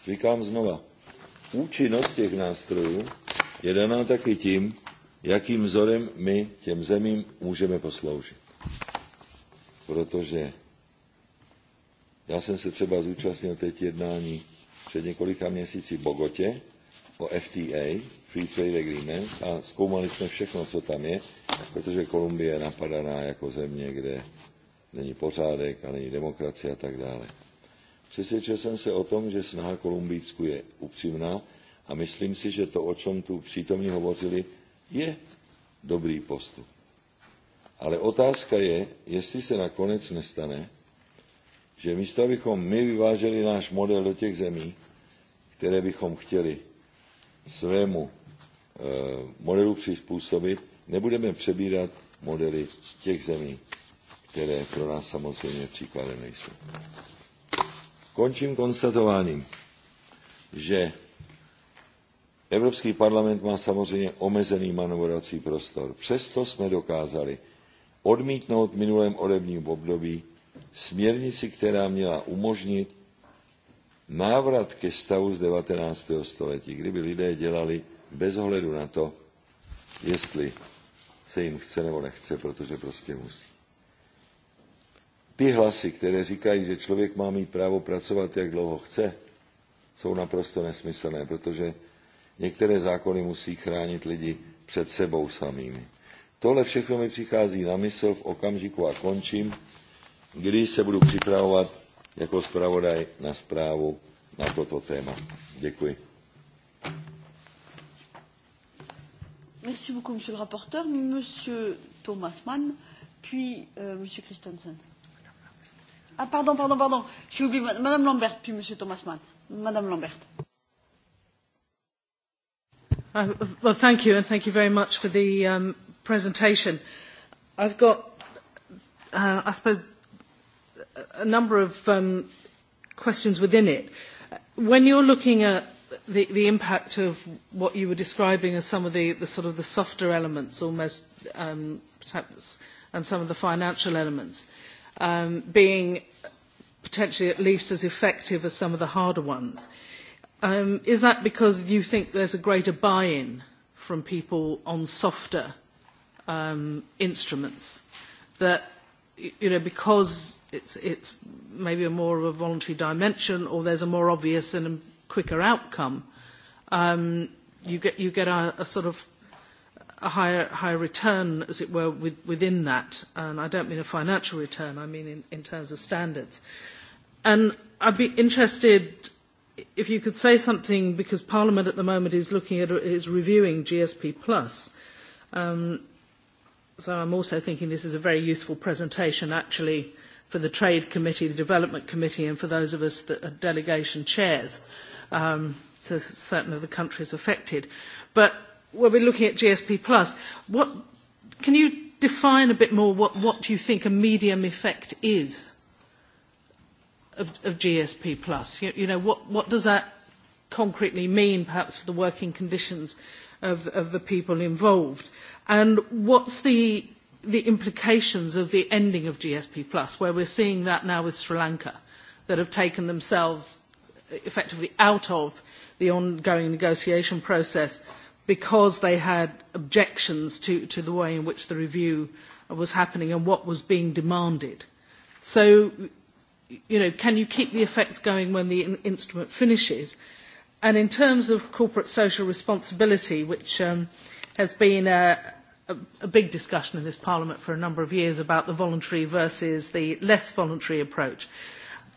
Říkám znova, účinnost těch nástrojů je daná taky tím, jakým vzorem my těm zemím můžeme posloužit. Protože Já jsem se třeba zúčastnil teď jednání před několika měsíci v Bogotě o FTA, Free Trade Agreement, a zkoumali jsme všechno, co tam je, protože Kolumbie je napadaná jako země, kde není pořádek a není demokracie a tak dále. Přesvědčil jsem se o tom, že snaha Kolumbijsku je upřímná a myslím si, že to, o čem tu přítomní hovořili, je dobrý postup. Ale otázka je, jestli se nakonec nestane, že místo, abychom my vyváželi náš model do těch zemí, které bychom chtěli svému eh, modelu přizpůsobit, nebudeme přebírat modely těch zemí, které pro nás samozřejmě příkladem nejsou. Končím konstatováním, že Evropský parlament má samozřejmě omezený manovrací prostor. Přesto jsme dokázali odmítnout minulém odebním období směrnici, která měla umožnit návrat ke stavu z 19. století, kdyby lidé dělali bez ohledu na to, jestli se jim chce nebo nechce, protože prostě musí. Ty hlasy, které říkají, že člověk má mít právo pracovat, jak dlouho chce, jsou naprosto nesmyslné, protože některé zákony musí chránit lidi před sebou samými. Tohle všechno mi přichází na mysl v okamžiku a končím kdy se budu připravovat jako zpravodaj na zprávu na toto téma. Děkuji. Merci beaucoup, monsieur le rapporteur. Monsieur Thomas Mann, puis euh, monsieur Christensen. Ah, pardon, pardon, pardon. J'ai oublié madame Lambert, puis monsieur Thomas Mann. Madame Lambert. Uh, well, thank you, and thank you very much for the um, presentation. I've got, uh, I suppose, a number of um, questions within it. When you're looking at the, the impact of what you were describing as some of the, the sort of the softer elements almost um, perhaps, and some of the financial elements um, being potentially at least as effective as some of the harder ones. Um, is that because you think there's a greater buy-in from people on softer um, instruments that you know, because it's, it's maybe a more of a voluntary dimension or there's a more obvious and a quicker outcome, um, you get, you get a, a sort of a higher, higher return, as it were, with, within that. And I don't mean a financial return, I mean in, in terms of standards. And I'd be interested if you could say something, because Parliament at the moment is looking at, is reviewing GSP Plus. Um, So I'm also thinking this is a very useful presentation actually for the Trade Committee, the Development Committee and for those of us that are delegation chairs um, to certain of the countries affected. But when we're looking at GSP Plus, what, can you define a bit more what, what do you think a medium effect is of, of GSP Plus? You, you know, what, what does that concretely mean perhaps for the working conditions of, of the people involved. And what's the, the implications of the ending of GSP Plus, where we're seeing that now with Sri Lanka, that have taken themselves effectively out of the ongoing negotiation process because they had objections to, to the way in which the review was happening and what was being demanded. So, you know, can you keep the effects going when the in- instrument finishes? And in terms of corporate social responsibility, which um, has been a, a, a big discussion in this Parliament for a number of years about the voluntary versus the less voluntary approach.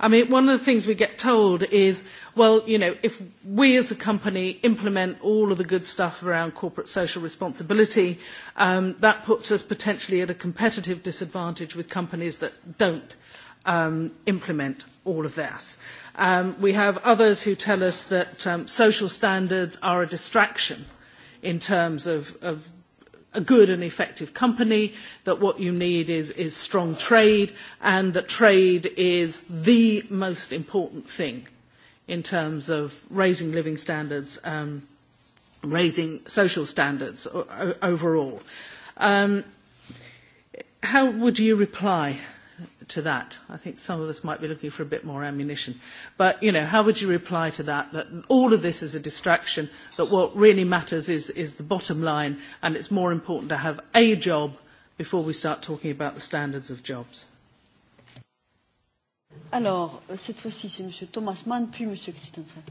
I mean, one of the things we get told is, well, you know, if we as a company implement all of the good stuff around corporate social responsibility, um, that puts us potentially at a competitive disadvantage with companies that don't um, implement all of this. Um, we have others who tell us that um, social standards are a distraction in terms of, of a good and effective company, that what you need is, is strong trade, and that trade is the most important thing in terms of raising living standards, um, raising social standards overall. Um, how would you reply to that. I think some of us might be looking for a bit more ammunition. But, you know, how would you reply to that? That all of this is a distraction, that what really matters is, is the bottom line, and it's more important to have a job before we start talking about the standards of jobs. Alors, cette fois-ci, c'est M. Thomas Mann, puis M. Christensen.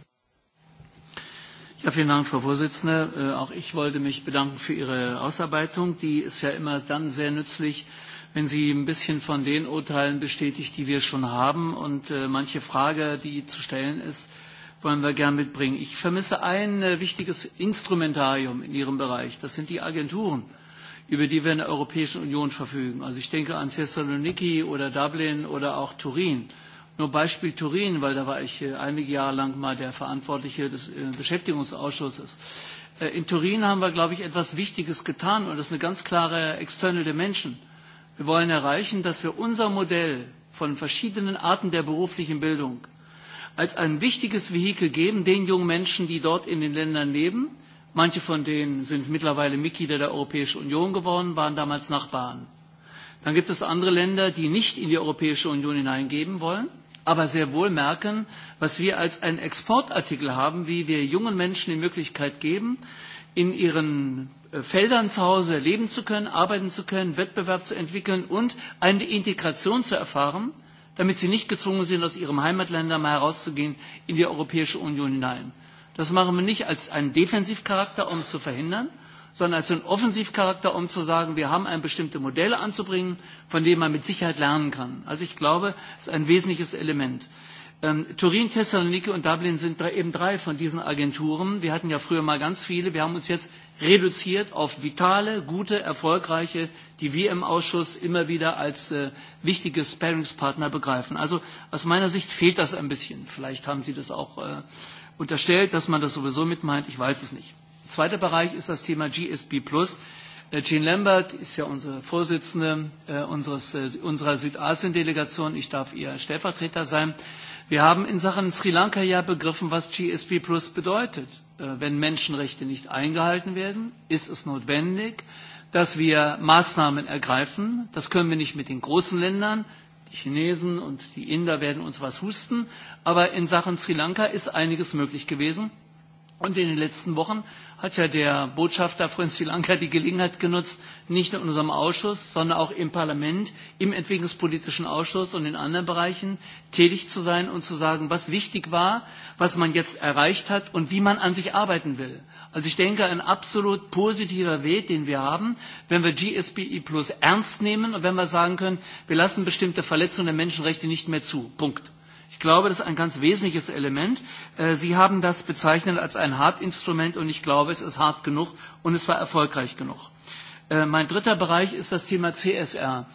Ja, vielen Dank, Frau Vorsitzende. Äh, auch ich wollte mich bedanken für Ihre Ausarbeitung. Die ist ja immer dann sehr nützlich, wenn Sie ein bisschen von den Urteilen bestätigt, die wir schon haben. Und äh, manche Frage, die zu stellen ist, wollen wir gern mitbringen. Ich vermisse ein äh, wichtiges Instrumentarium in Ihrem Bereich. Das sind die Agenturen, über die wir in der Europäischen Union verfügen. Also ich denke an Thessaloniki oder Dublin oder auch Turin. Nur Beispiel Turin, weil da war ich äh, einige Jahre lang mal der Verantwortliche des äh, Beschäftigungsausschusses. Äh, In Turin haben wir, glaube ich, etwas Wichtiges getan und das ist eine ganz klare External Dimension. Wir wollen erreichen, dass wir unser Modell von verschiedenen Arten der beruflichen Bildung als ein wichtiges Vehikel geben den jungen Menschen, die dort in den Ländern leben. Manche von denen sind mittlerweile Mitglieder der Europäischen Union geworden, waren damals Nachbarn. Dann gibt es andere Länder, die nicht in die Europäische Union hineingeben wollen, aber sehr wohl merken, was wir als einen Exportartikel haben, wie wir jungen Menschen die Möglichkeit geben, in ihren Feldern zu Hause leben zu können, arbeiten zu können, Wettbewerb zu entwickeln und eine Integration zu erfahren, damit sie nicht gezwungen sind, aus ihrem Heimatland einmal herauszugehen in die Europäische Union hinein. Das machen wir nicht als einen Defensivcharakter, um es zu verhindern, sondern als einen Offensivcharakter, um zu sagen, wir haben ein bestimmte Modelle anzubringen, von denen man mit Sicherheit lernen kann. Also ich glaube, das ist ein wesentliches Element. Ähm, Turin, Thessaloniki und Dublin sind drei, eben drei von diesen Agenturen. Wir hatten ja früher mal ganz viele. Wir haben uns jetzt reduziert auf vitale, gute, erfolgreiche, die wir im Ausschuss immer wieder als äh, wichtige Sparingspartner begreifen. Also aus meiner Sicht fehlt das ein bisschen. Vielleicht haben Sie das auch äh, unterstellt, dass man das sowieso mit meint. Ich weiß es nicht. Zweiter Bereich ist das Thema GSB+. Äh, Jean Lambert ist ja unsere Vorsitzende äh, unseres, äh, unserer Südasien-Delegation. Ich darf ihr Stellvertreter sein. Äh, Wir haben in Sachen Sri Lanka ja begriffen, was GSP Plus bedeutet. Äh, wenn Menschenrechte nicht eingehalten werden, ist es notwendig, dass wir Maßnahmen ergreifen. Das können wir nicht mit den großen Ländern. Die Chinesen und die Inder werden uns was husten. Aber in Sachen Sri Lanka ist einiges möglich gewesen. Und in den letzten Wochen hat ja der Botschafter von Sri Lanka die Gelegenheit genutzt, nicht nur in unserem Ausschuss, sondern auch im Parlament, im entwicklungspolitischen Ausschuss und in anderen Bereichen tätig zu sein und zu sagen, was wichtig war, was man jetzt erreicht hat und wie man an sich arbeiten will. Also ich denke, ein absolut positiver Weg, den wir haben, wenn wir GSPI Plus ernst nehmen und wenn wir sagen können, wir lassen bestimmte Verletzungen der Menschenrechte nicht mehr zu. Punkt glaube, das ist ein ganz wesentliches Element. Äh, Sie haben das bezeichnet als ein Hartinstrument und ich glaube, es ist hart genug und es war erfolgreich genug. Äh, mein dritter Bereich ist das Thema CSR.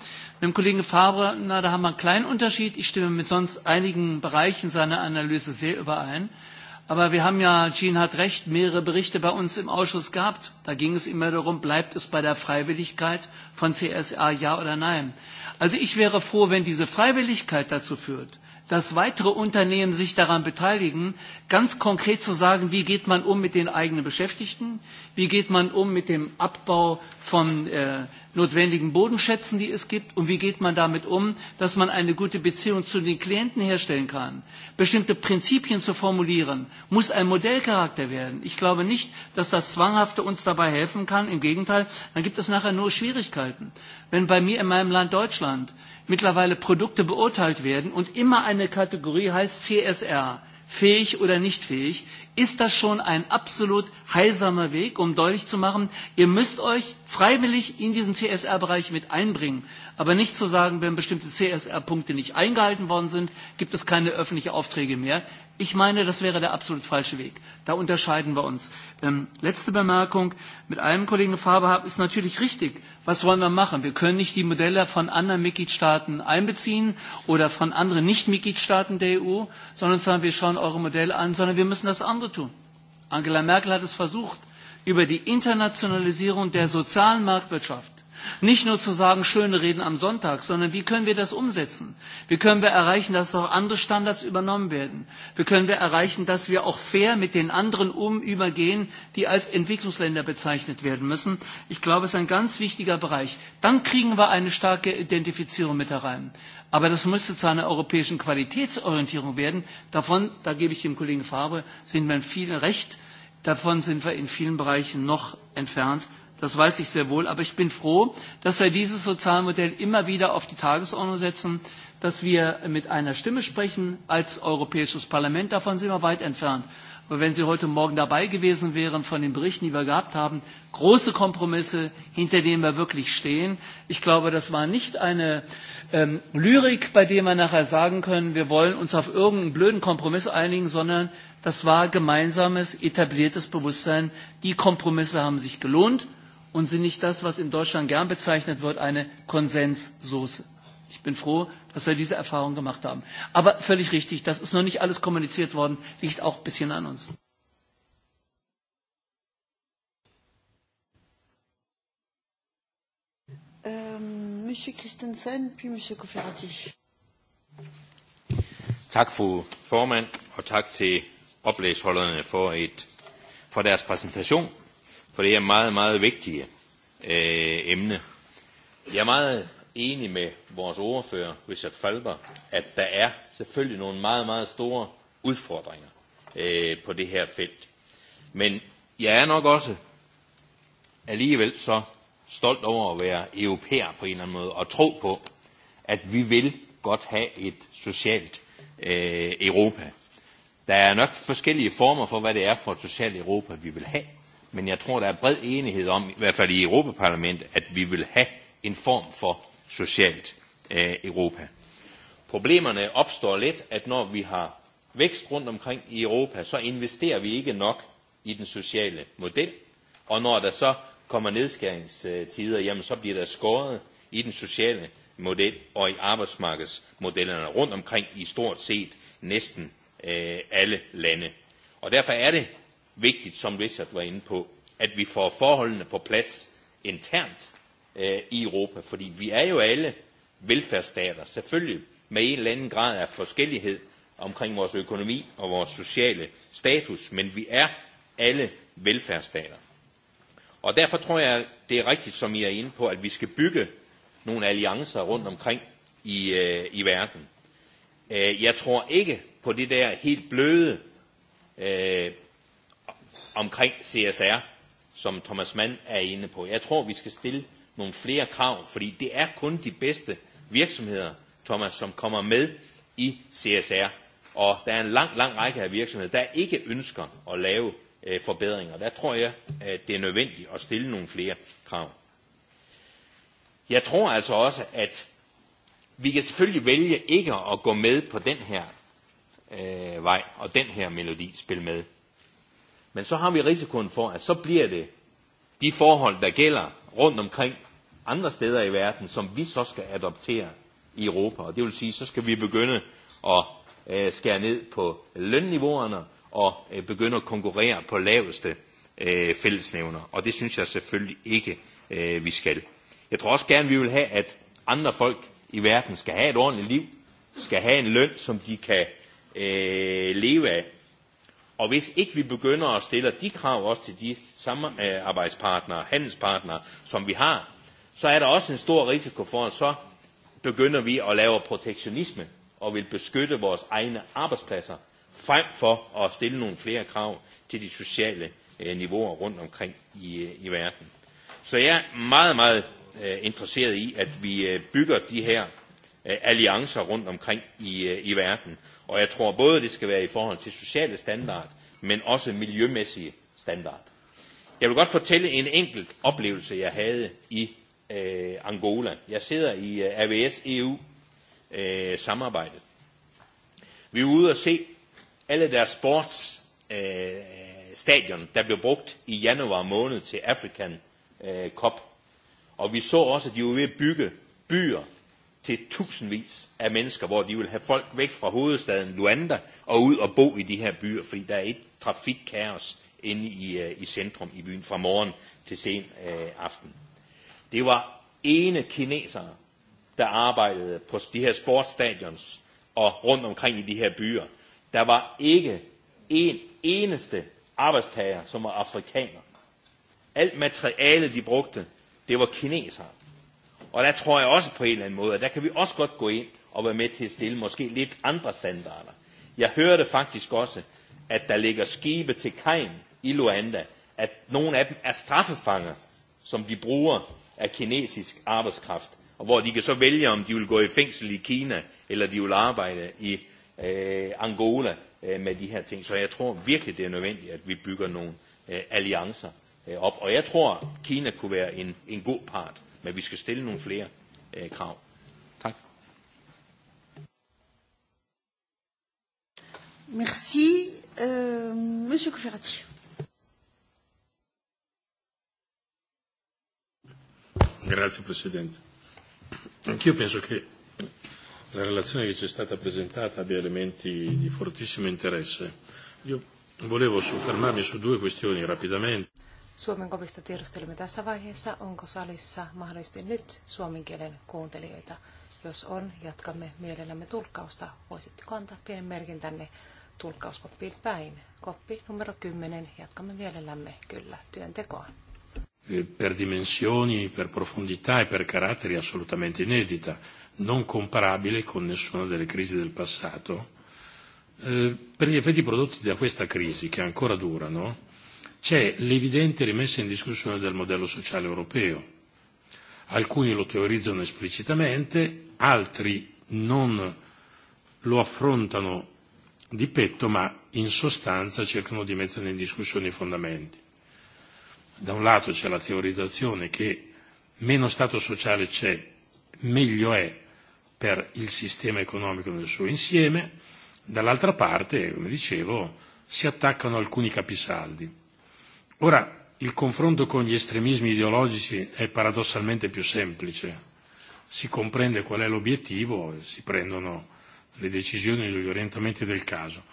Mit dem Kollegen Fabre, na, da haben wir einen kleinen Unterschied. Ich stimme mit sonst einigen Bereichen seiner Analyse sehr überein. Aber wir haben ja, Jean hat recht, mehrere Berichte bei uns im Ausschuss gehabt. Da ging es immer darum, bleibt es bei der Freiwilligkeit von CSR ja oder nein. Also ich wäre froh, wenn diese Freiwilligkeit dazu führt, dass weitere Unternehmen sich daran beteiligen, ganz konkret zu sagen, wie geht man um mit den eigenen Beschäftigten, wie geht man um mit dem Abbau von äh, notwendigen Bodenschätzen, die es gibt, und wie geht man damit um, dass man eine gute Beziehung zu den Klienten herstellen kann. Bestimmte Prinzipien zu formulieren, muss ein Modellcharakter werden. Ich glaube nicht, dass das Zwanghafte uns dabei helfen kann. Im Gegenteil, dann gibt es nachher nur Schwierigkeiten. Wenn bei mir in meinem Land Deutschland mittlerweile Produkte beurteilt werden und immer eine Kategorie heißt CSR, fähig oder nicht fähig, ist das schon ein absolut heilsamer Weg, um deutlich zu machen, ihr müsst euch freiwillig in diesen CSR-Bereich mit einbringen, aber nicht zu sagen, wenn bestimmte CSR-Punkte nicht eingehalten worden sind, gibt es keine öffentlichen Aufträge mehr. Ich meine, das wäre der absolut falsche Weg. Da unterscheiden wir uns. Ähm, letzte Bemerkung. Mit einem Kollegen Faber habe ist natürlich richtig. Was wollen wir machen? Wir können nicht die Modelle von anderen Mitgliedstaaten einbeziehen oder von anderen Nicht-Mitgliedstaaten der EU, sondern sagen, wir schauen eure Modelle an, sondern wir müssen das andere tun. Angela Merkel hat es versucht, über die Internationalisierung der sozialen Marktwirtschaft Nicht nur zu sagen, schöne Reden am Sonntag, sondern wie können wir das umsetzen? Wie können wir erreichen, dass auch andere Standards übernommen werden? Wie können wir erreichen, dass wir auch fair mit den anderen um die als Entwicklungsländer bezeichnet werden müssen? Ich glaube, es ist ein ganz wichtiger Bereich. Dann kriegen wir eine starke Identifizierung mit herein. Aber das müsste zu einer europäischen Qualitätsorientierung werden. Davon, da gebe ich dem Kollegen Fabre, sind wir in vielen Recht. Davon sind wir in vielen Bereichen noch entfernt. Das weiß ich sehr wohl. Aber ich bin froh, dass wir dieses Sozialmodell immer wieder auf die Tagesordnung setzen, dass wir mit einer Stimme sprechen als Europäisches Parlament. Davon sind wir weit entfernt. Aber wenn Sie heute Morgen dabei gewesen wären von den Berichten, die wir gehabt haben, große Kompromisse, hinter denen wir wirklich stehen. Ich glaube, das war nicht eine ähm, Lyrik, bei der wir nachher sagen können, wir wollen uns auf irgendeinen blöden Kompromiss einigen, sondern das war gemeinsames, etabliertes Bewusstsein. Die Kompromisse haben sich gelohnt und sind nicht das, was in Deutschland gern bezeichnet wird, eine Konsenssoße. Ich bin froh, dass wir diese Erfahrung gemacht haben. Aber völlig richtig, das ist noch nicht alles kommuniziert worden, liegt auch ein bisschen an uns. Ähm, Monsieur Christensen, puis Monsieur Cofferati. Tak, fru formand, og tak til oplægsholderne for, et, for deres præsentation for det er meget, meget vigtige øh, emne. Jeg er meget enig med vores ordfører, Richard Falber, at der er selvfølgelig nogle meget, meget store udfordringer øh, på det her felt. Men jeg er nok også alligevel så stolt over at være europæer på en eller anden måde, og tro på, at vi vil godt have et socialt øh, Europa. Der er nok forskellige former for, hvad det er for et socialt Europa, vi vil have. Men jeg tror, der er bred enighed om, i hvert fald i Europaparlamentet, at vi vil have en form for socialt øh, Europa. Problemerne opstår lidt, at når vi har vækst rundt omkring i Europa, så investerer vi ikke nok i den sociale model. Og når der så kommer nedskæringstider, jamen så bliver der skåret i den sociale model og i arbejdsmarkedsmodellerne rundt omkring i stort set næsten øh, alle lande. Og derfor er det vigtigt, som Richard var inde på, at vi får forholdene på plads internt øh, i Europa, fordi vi er jo alle velfærdsstater, selvfølgelig med en eller anden grad af forskellighed omkring vores økonomi og vores sociale status, men vi er alle velfærdsstater. Og derfor tror jeg, det er rigtigt, som I er inde på, at vi skal bygge nogle alliancer rundt omkring i, øh, i verden. Øh, jeg tror ikke på det der helt bløde øh, omkring CSR, som Thomas Mann er inde på. Jeg tror, vi skal stille nogle flere krav, fordi det er kun de bedste virksomheder, Thomas, som kommer med i CSR. Og der er en lang, lang række af virksomheder, der ikke ønsker at lave øh, forbedringer. Der tror jeg, at det er nødvendigt at stille nogle flere krav. Jeg tror altså også, at vi kan selvfølgelig vælge ikke at gå med på den her øh, vej og den her melodi spil med. Men så har vi risikoen for, at så bliver det de forhold, der gælder rundt omkring andre steder i verden, som vi så skal adoptere i Europa. Og det vil sige, så skal vi begynde at øh, skære ned på lønniveauerne og øh, begynde at konkurrere på laveste øh, fællesnævner. Og det synes jeg selvfølgelig ikke, vi skal. Jeg tror også gerne, vi vil have, at andre folk i verden skal have et ordentligt liv, skal have en løn, som de kan øh, leve af. Og hvis ikke vi begynder at stille de krav også til de samarbejdspartnere, øh, handelspartnere, som vi har, så er der også en stor risiko for, at så begynder vi at lave protektionisme og vil beskytte vores egne arbejdspladser, frem for at stille nogle flere krav til de sociale øh, niveauer rundt omkring i, øh, i verden. Så jeg er meget, meget interesseret i, at vi bygger de her alliancer rundt omkring i, i verden. Og jeg tror både, det skal være i forhold til sociale standard, men også miljømæssige standard. Jeg vil godt fortælle en enkelt oplevelse, jeg havde i øh, Angola. Jeg sidder i øh, AVS EU øh, samarbejdet. Vi er ude og se alle deres sportsstadion, øh, der blev brugt i januar måned til African øh, Cup. Og vi så også, at de var ved at bygge byer til tusindvis af mennesker, hvor de vil have folk væk fra hovedstaden Luanda og ud og bo i de her byer, fordi der er et trafikkaos inde i, øh, i centrum i byen fra morgen til sen øh, aften. Det var ene kinesere, der arbejdede på de her sportsstadions og rundt omkring i de her byer. Der var ikke en eneste arbejdstager, som var afrikaner. Alt materiale, de brugte, det var kinesere. Og der tror jeg også på en eller anden måde, at der kan vi også godt gå ind og være med til at stille måske lidt andre standarder. Jeg hørte faktisk også, at der ligger skibe til kajen i Luanda, at nogle af dem er straffefanger, som de bruger af kinesisk arbejdskraft, og hvor de kan så vælge, om de vil gå i fængsel i Kina, eller de vil arbejde i øh, Angola øh, med de her ting. Så jeg tror virkelig, det er nødvendigt, at vi bygger nogle øh, alliancer øh, op. Og jeg tror, Kina kunne være en, en god part men vi skal stille nogle flere øh, krav. Tak. Merci. Euh, Monsieur Cofferati. Grazie Presidente. Anch'io penso che la relazione che ci è stata presentata abbia elementi di fortissimo interesse. Io volevo soffermarmi su due questioni rapidamente. Suomen kovista tiedustelemme tässä vaiheessa. Onko salissa mahdollisesti nyt suomen kielen kuuntelijoita? Jos on, jatkamme mielellämme tulkkausta. Voisitteko antaa pienen merkin tänne tulkkauskoppiin päin? Koppi numero 10. Jatkamme mielellämme kyllä työntekoa. Eh, per dimensioni, per profondità e per caratteri assolutamente inedita, non comparabile con nessuna delle crisi del passato, eh, per gli effetti prodotti da questa crisi, che ancora durano, c'è l'evidente rimessa in discussione del modello sociale europeo. Alcuni lo teorizzano esplicitamente, altri non lo affrontano di petto, ma in sostanza cercano di metterne in discussione i fondamenti. Da un lato c'è la teorizzazione che meno Stato sociale c'è, meglio è per il sistema economico nel suo insieme, dall'altra parte, come dicevo, si attaccano alcuni capisaldi Ora, il confronto con gli estremismi ideologici è paradossalmente più semplice. Si comprende qual è l'obiettivo e si prendono le decisioni e gli orientamenti del caso.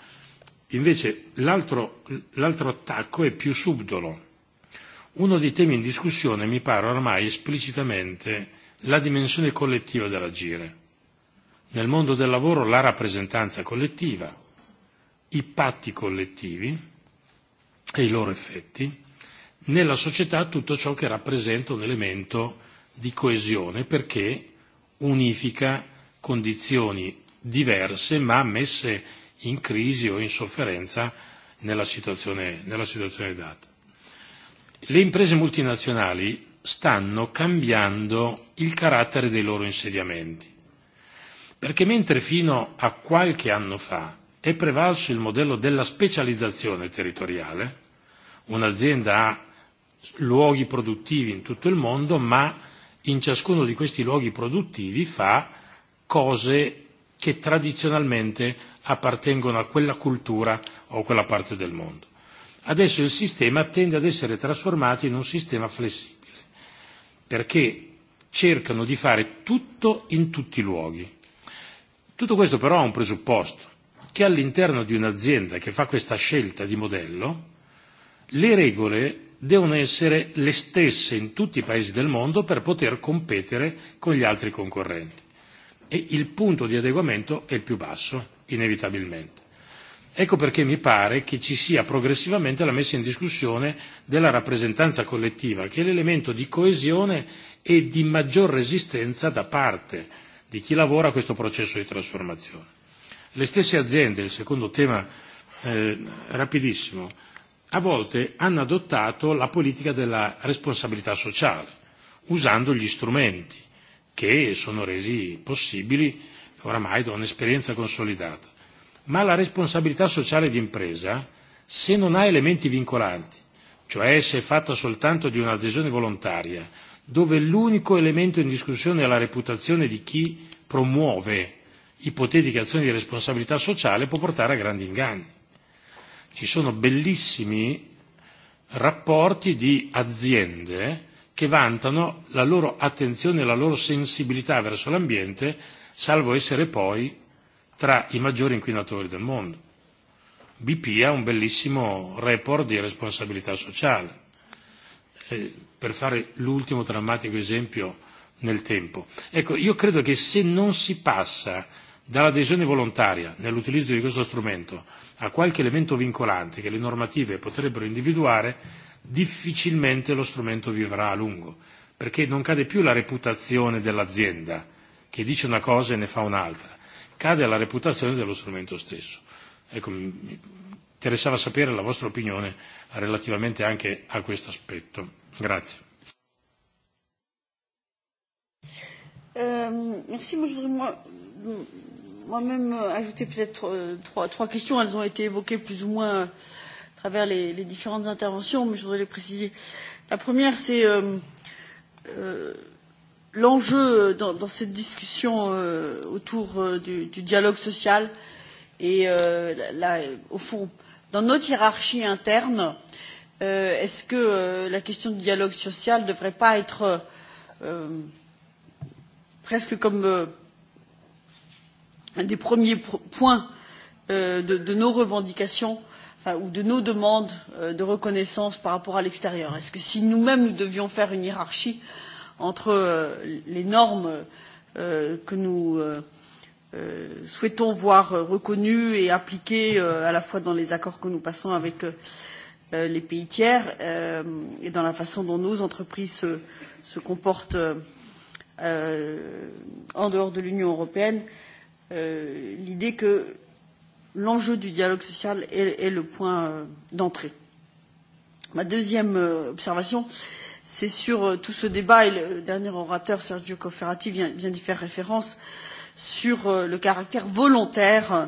Invece l'altro, l'altro attacco è più subdolo. Uno dei temi in discussione mi pare ormai esplicitamente la dimensione collettiva dell'agire. Nel mondo del lavoro la rappresentanza collettiva, i patti collettivi, e i loro effetti, nella società tutto ciò che rappresenta un elemento di coesione perché unifica condizioni diverse ma messe in crisi o in sofferenza nella situazione, nella situazione data. Le imprese multinazionali stanno cambiando il carattere dei loro insediamenti, perché mentre fino a qualche anno fa è prevalso il modello della specializzazione territoriale. Un'azienda ha luoghi produttivi in tutto il mondo, ma in ciascuno di questi luoghi produttivi fa cose che tradizionalmente appartengono a quella cultura o a quella parte del mondo. Adesso il sistema tende ad essere trasformato in un sistema flessibile, perché cercano di fare tutto in tutti i luoghi. Tutto questo però ha un presupposto, che all'interno di un'azienda che fa questa scelta di modello le regole devono essere le stesse in tutti i paesi del mondo per poter competere con gli altri concorrenti e il punto di adeguamento è il più basso, inevitabilmente. Ecco perché mi pare che ci sia progressivamente la messa in discussione della rappresentanza collettiva, che è l'elemento di coesione e di maggior resistenza da parte di chi lavora a questo processo di trasformazione le stesse aziende, il secondo tema eh, rapidissimo, a volte hanno adottato la politica della responsabilità sociale, usando gli strumenti che sono resi possibili oramai da un'esperienza consolidata. Ma la responsabilità sociale di impresa, se non ha elementi vincolanti, cioè se è fatta soltanto di un'adesione volontaria, dove l'unico elemento in discussione è la reputazione di chi promuove ipotetiche azioni di responsabilità sociale può portare a grandi inganni. Ci sono bellissimi rapporti di aziende che vantano la loro attenzione e la loro sensibilità verso l'ambiente, salvo essere poi tra i maggiori inquinatori del mondo. BP ha un bellissimo report di responsabilità sociale. Eh, per fare l'ultimo drammatico esempio nel tempo. Ecco, io credo che se non si passa Dall'adesione volontaria nell'utilizzo di questo strumento a qualche elemento vincolante che le normative potrebbero individuare, difficilmente lo strumento vivrà a lungo, perché non cade più la reputazione dell'azienda che dice una cosa e ne fa un'altra, cade la reputazione dello strumento stesso. Ecco, mi interessava sapere la vostra opinione relativamente anche a questo aspetto. Grazie. Euh, merci, moi je voudrais moi, moi-même euh, ajouter peut-être euh, trois, trois questions. Elles ont été évoquées plus ou moins euh, à travers les, les différentes interventions, mais je voudrais les préciser. La première, c'est euh, euh, l'enjeu dans, dans cette discussion euh, autour euh, du, du dialogue social et euh, là, au fond, dans notre hiérarchie interne, euh, est-ce que euh, la question du dialogue social ne devrait pas être euh, presque comme euh, un des premiers points euh, de, de nos revendications enfin, ou de nos demandes euh, de reconnaissance par rapport à l'extérieur. Est ce que si nous mêmes nous devions faire une hiérarchie entre euh, les normes que nous souhaitons voir reconnues et appliquées à la fois dans les accords que nous passons avec les pays tiers et dans la façon dont nos entreprises se, se comportent en dehors de l'Union européenne, euh, Euh, l'idée que l'enjeu du dialogue social est, est le point euh, d'entrée. Ma deuxième euh, observation, c'est sur tout ce débat, et le, dernier orateur, Sergio Cofferati, vient, vient d'y faire référence, sur le caractère volontaire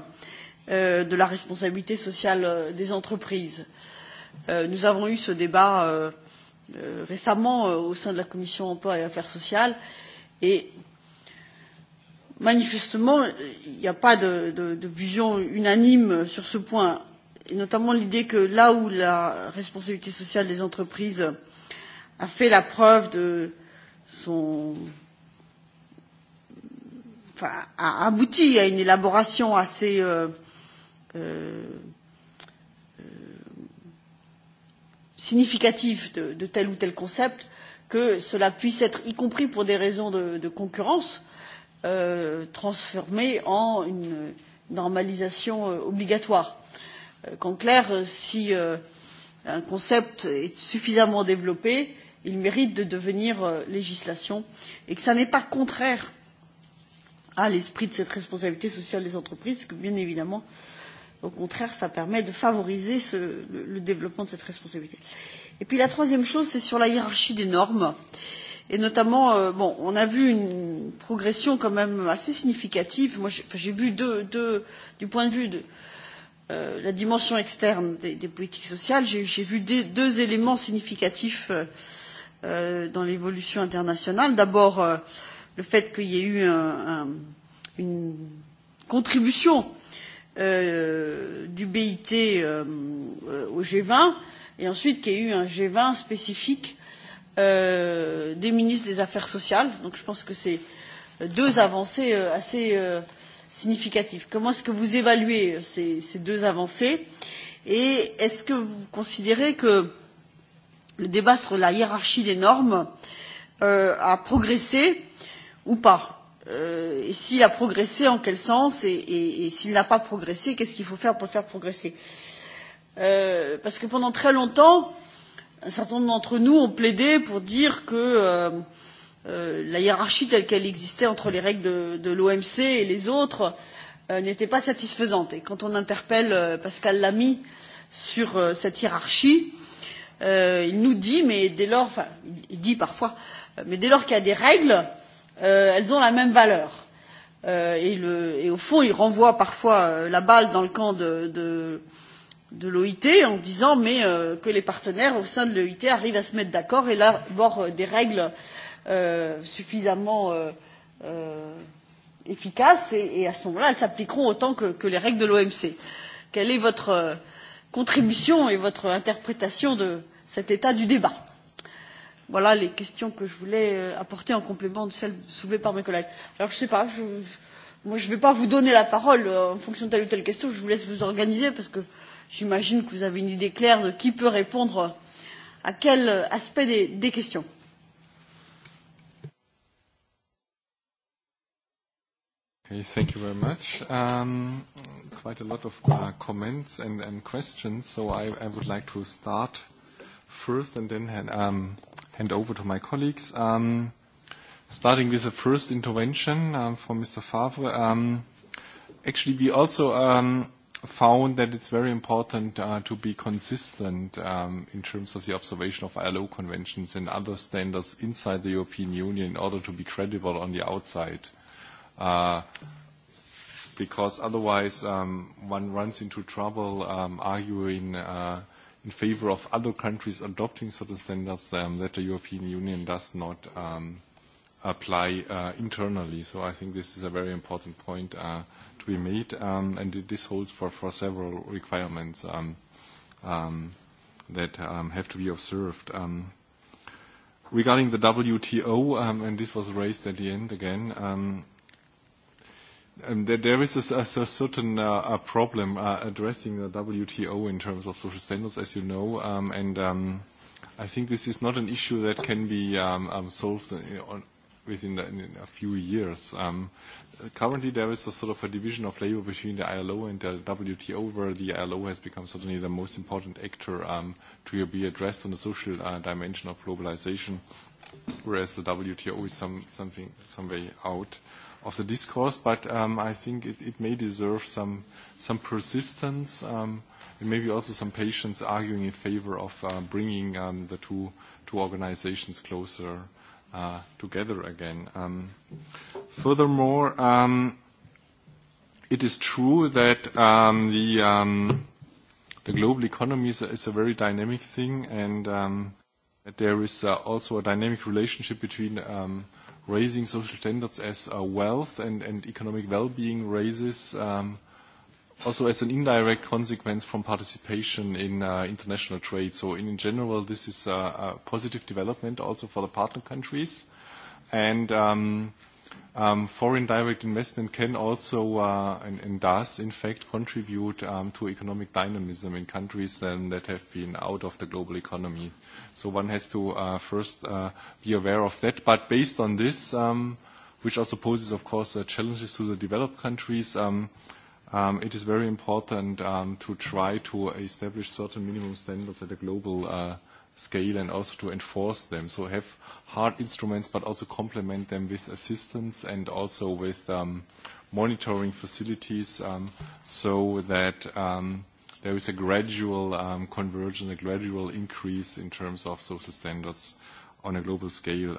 de la responsabilité sociale des entreprises. nous avons eu ce débat récemment au sein de la Commission emploi et affaires sociales, et manifestement, il n'y a pas de, de, de vision unanime sur ce point, et notamment l'idée que là où la responsabilité sociale des entreprises a fait la preuve de son enfin, a abouti à une élaboration assez euh, euh, euh significative de, de tel ou tel concept, que cela puisse être, y compris pour des raisons de, de concurrence, euh, transformée en une normalisation euh, obligatoire. Euh, Qu'en clair, euh, si euh, un concept est suffisamment développé, il mérite de devenir euh, législation et que ça n'est pas contraire à l'esprit de cette responsabilité sociale des entreprises, que bien évidemment, au contraire, ça permet de favoriser ce, le, le développement de cette responsabilité. Et puis la troisième chose, c'est sur la hiérarchie des normes. Euh, et notamment euh, bon, on a vu une progression quand même assez significative Moi, j'ai vu deux, deux, du point de vue de euh, la dimension externe des, des politiques sociales j'ai vu des, deux éléments significatifs euh, euh, dans l'évolution internationale d'abord euh, le fait qu'il y ait eu un, un, une contribution euh, du BIT euh, euh, au G20 et ensuite qu'il y ait eu un G20 spécifique Euh, des ministres des Affaires sociales. Donc je pense que c'est euh, deux avancées euh, assez significatives. Comment est-ce que vous évaluez ces, ces deux avancées Et est-ce que vous considérez que le débat sur la hiérarchie des normes euh, a progressé ou pas euh, Et s'il a progressé, en quel sens Et, et, et s'il n'a pas progressé, qu'est-ce qu'il faut faire pour le faire progresser euh, Parce que pendant très longtemps, euh, un certain nombre d'entre nous ont plaidé pour dire que euh, euh, la hiérarchie telle qu'elle existait entre les règles de, de l'OMC et les autres euh, n'était pas satisfaisante. Et quand on interpelle euh, Pascal Lamy sur euh, cette hiérarchie, euh, il nous dit, mais dès lors, enfin, il dit parfois, euh, mais dès lors qu'il y a des règles, euh, elles ont la même valeur. Euh, et, le, et au fond, il renvoie parfois euh, la balle dans le camp de, de, euh, de l'oit en disant mais euh, que les partenaires au sein de l'oit arrivent à se mettre d'accord et élaborent euh, des règles euh, suffisamment euh, euh, efficaces et, et à ce moment là elles s'appliqueront autant que, que les règles de l'omc. quelle est votre euh, contribution et votre interprétation de cet état du débat? voilà les questions que je voulais apporter en complément de celles soulevées par mes collègues. alors je ne sais pas je ne vais pas vous donner la parole en fonction de telle ou telle question je vous laisse vous organiser parce que J'imagine que vous avez une idée claire de qui peut répondre à quel aspect des, des questions. Okay, thank you very much. Um, quite a lot of uh, comments and, and questions, so I, I would like to start first and then hand, um, hand over to my colleagues. Um, starting with the first intervention um, from Mr. Favre. Um, actually, we also um, found that it's very important uh, to be consistent um, in terms of the observation of ILO conventions and other standards inside the European Union in order to be credible on the outside. Uh, because otherwise um, one runs into trouble um, arguing uh, in favor of other countries adopting certain standards um, that the European Union does not um, apply uh, internally. So I think this is a very important point uh, to be made, um, and this holds for, for several requirements um, um, that have to be observed. regarding the WTO, and this was raised at the end again, there is a, certain uh, problem addressing the WTO in terms of social standards, as you know, and I think this is not an issue that can be solved on, within a few years. Um, currently, there is a sort of a division of labor between the ILO and the WTO, where the ILO has become certainly the most important actor um, to be addressed on the social uh, dimension of globalization, whereas the WTO is some, something, some way out of the discourse. But um, I think it, may deserve some, persistence and maybe also some patience arguing in favor of uh, bringing the two, two organizations closer uh, together again. Um, furthermore, um, it is true that um, the, um, the global economy is a, is a very dynamic thing and um, that there is uh, also a dynamic relationship between um, raising social standards as uh, wealth and, and economic well-being raises um, also as an indirect consequence from participation in uh, international trade. So in, in general, this is a, a positive development also for the partner countries. And um, um, foreign direct investment can also uh, and, and does, in fact, contribute um, to economic dynamism in countries um, that have been out of the global economy. So one has to uh, first uh, be aware of that. But based on this, um, which also poses, of course, uh, challenges to the developed countries, um, uh, Um, it is very important um, to try to establish certain minimum standards at a global uh, scale and also to enforce them. So have hard instruments, but also complement them with assistance and also with um, monitoring facilities so that there is a gradual conversion, a gradual increase in terms of social standards on a global scale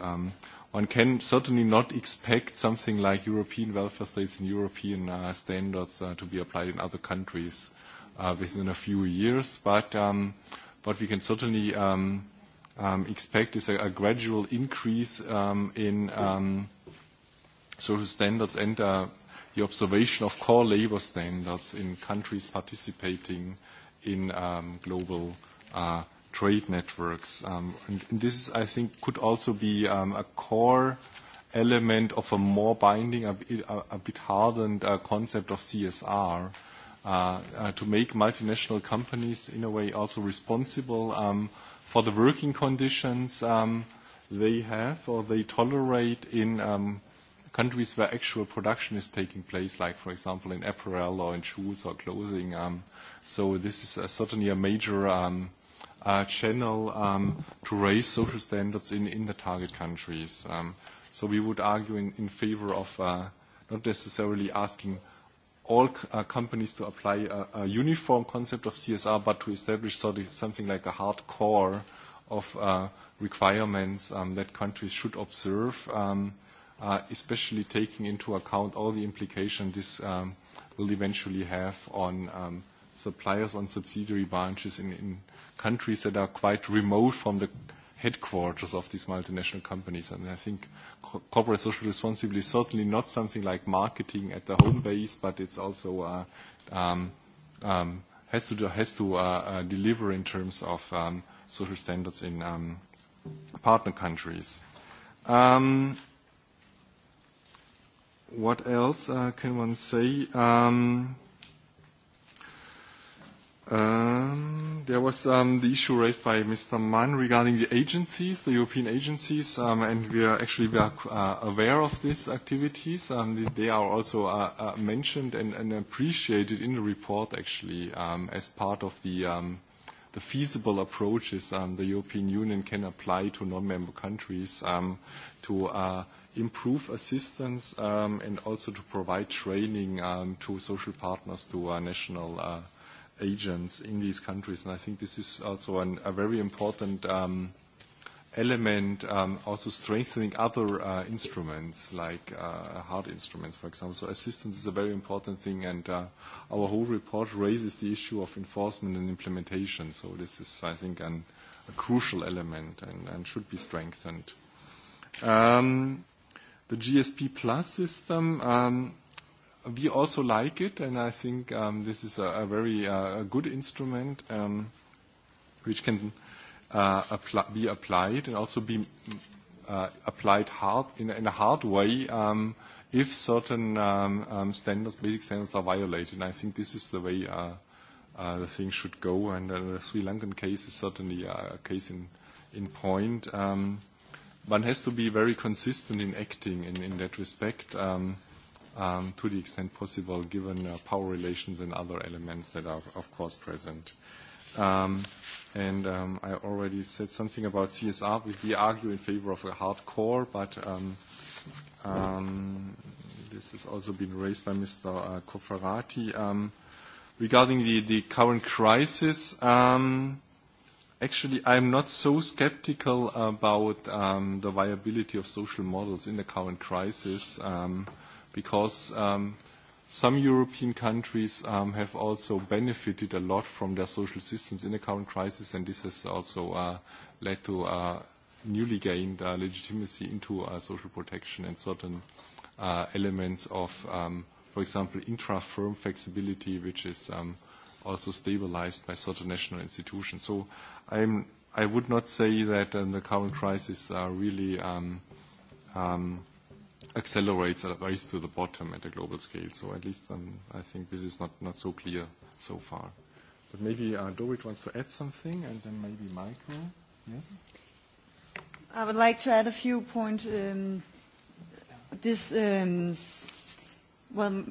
one can certainly not expect something like European welfare states and European uh, standards uh, to be applied in other countries uh, within a few years. But um, what we can certainly um, um, expect is a, a gradual increase um, in um, social standards and uh, the observation of core labor standards in countries participating in um, global uh, trade networks. Um, and, and this, I think, could also be um, a core element of a more binding, a, a, a bit hardened uh, concept of CSR uh, uh, to make multinational companies, in a way, also responsible um, for the working conditions um, they have or they tolerate in um, countries where actual production is taking place, like, for example, in apparel or in shoes or clothing. Um, so this is uh, certainly a major um, channel um, to raise social standards in, in the target countries. Um, so we would argue in, in favor of uh, not necessarily asking all uh, companies to apply a, uniform concept of CSR, but to establish something like a hard core of uh, requirements um, that countries should observe, especially taking into account all the implication this will eventually have on suppliers on subsidiary branches in, in countries that are quite remote from the headquarters of these multinational companies. And I think corporate social responsibility is certainly not something like marketing at the home base, but it's also uh, um, um, has to, has to uh, uh, deliver in terms of um, social standards in partner countries. what else can one say? Um, there was um, the issue raised by Mr. Mann regarding the agencies, the European agencies, um, and we are actually we are uh, aware of these activities. Um, they are also uh, uh, mentioned and, and appreciated in the report, actually, um, as part of the, the feasible approaches the European Union can apply to non-member countries to uh, improve assistance and also to provide training to social partners, to uh, national uh, agents in these countries. And I think this is also an, a very important um, element, um, also strengthening other uh, instruments like uh, hard instruments, for example. So assistance is a very important thing, and uh, our whole report raises the issue of enforcement and implementation. So this is, I think, an, a crucial element and, and should be strengthened. Um, the GSP Plus system, um, we also like it, and I think um, this is a, very uh, good instrument um, which can uh, be applied and also be uh, applied hard in, a hard way um, if certain standards, basic standards, are violated. I think this is the way the thing should go. And the Sri Lankan case is certainly a case in, point. one has to be very consistent in acting in, that respect um, to the extent possible, given uh, power relations and other elements that are, of course, present. Um, and um, I already said something about CSR. We argue in favor of a hard core, but um, um, this has also been raised by Mr. Uh, Cofferati. Um, regarding the, the current crisis, um, actually, I'm not so skeptical about um, the viability of social models in the current crisis. Um, uh, because um, some European countries um, have also benefited a lot from their social systems in the current crisis, and this has also uh, led to uh, newly gained uh, legitimacy into uh, social protection and certain uh, elements of, um, for example, intra-firm flexibility, which is um, also stabilized by certain national institutions. So I'm, I would not say that in um, the current crisis uh, really um, um, accelerates at least to the bottom at a global scale. So at least um, I think this is not, not so clear so far. But maybe uh, Dorit wants to add something, and then maybe Michael. Yes? I would like to add a few points. Um, this, um, well,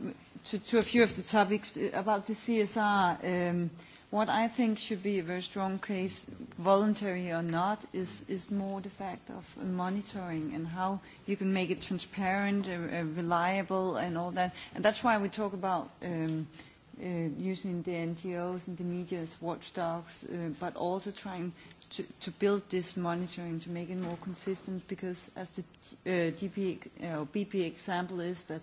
to, to a few of the topics uh, about the CSR. Um, What I think should be a very strong case, voluntary or not, is, is more the fact of monitoring and how you can make it transparent, uh, uh, reliable, and all that. And that's why we talk about um, uh, using the NGOs and the media as watchdogs, uh, but also trying to, to build this monitoring to make it more consistent. Because as the uh, GP, uh, BP example is that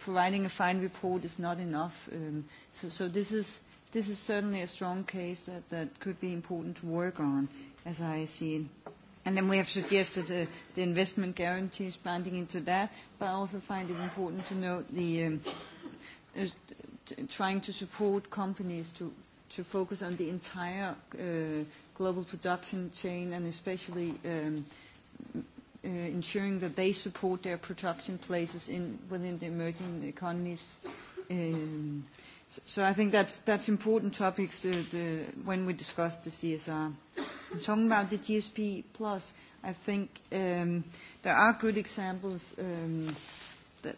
providing a fine report is not enough. Um, so, so this is this is certainly a strong case that, that could be important to work on, as I see And then we have suggested uh, the investment guarantees planting into that, but I also find it important to note the um, trying to support companies to, to focus on the entire uh, global production chain and especially um, uh, ensuring that they support their production places in, within the emerging economies. Um, I think that's, important topics uh, when we discuss the CSR. talking about the GSP Plus, I think um, there are good examples. Um, that,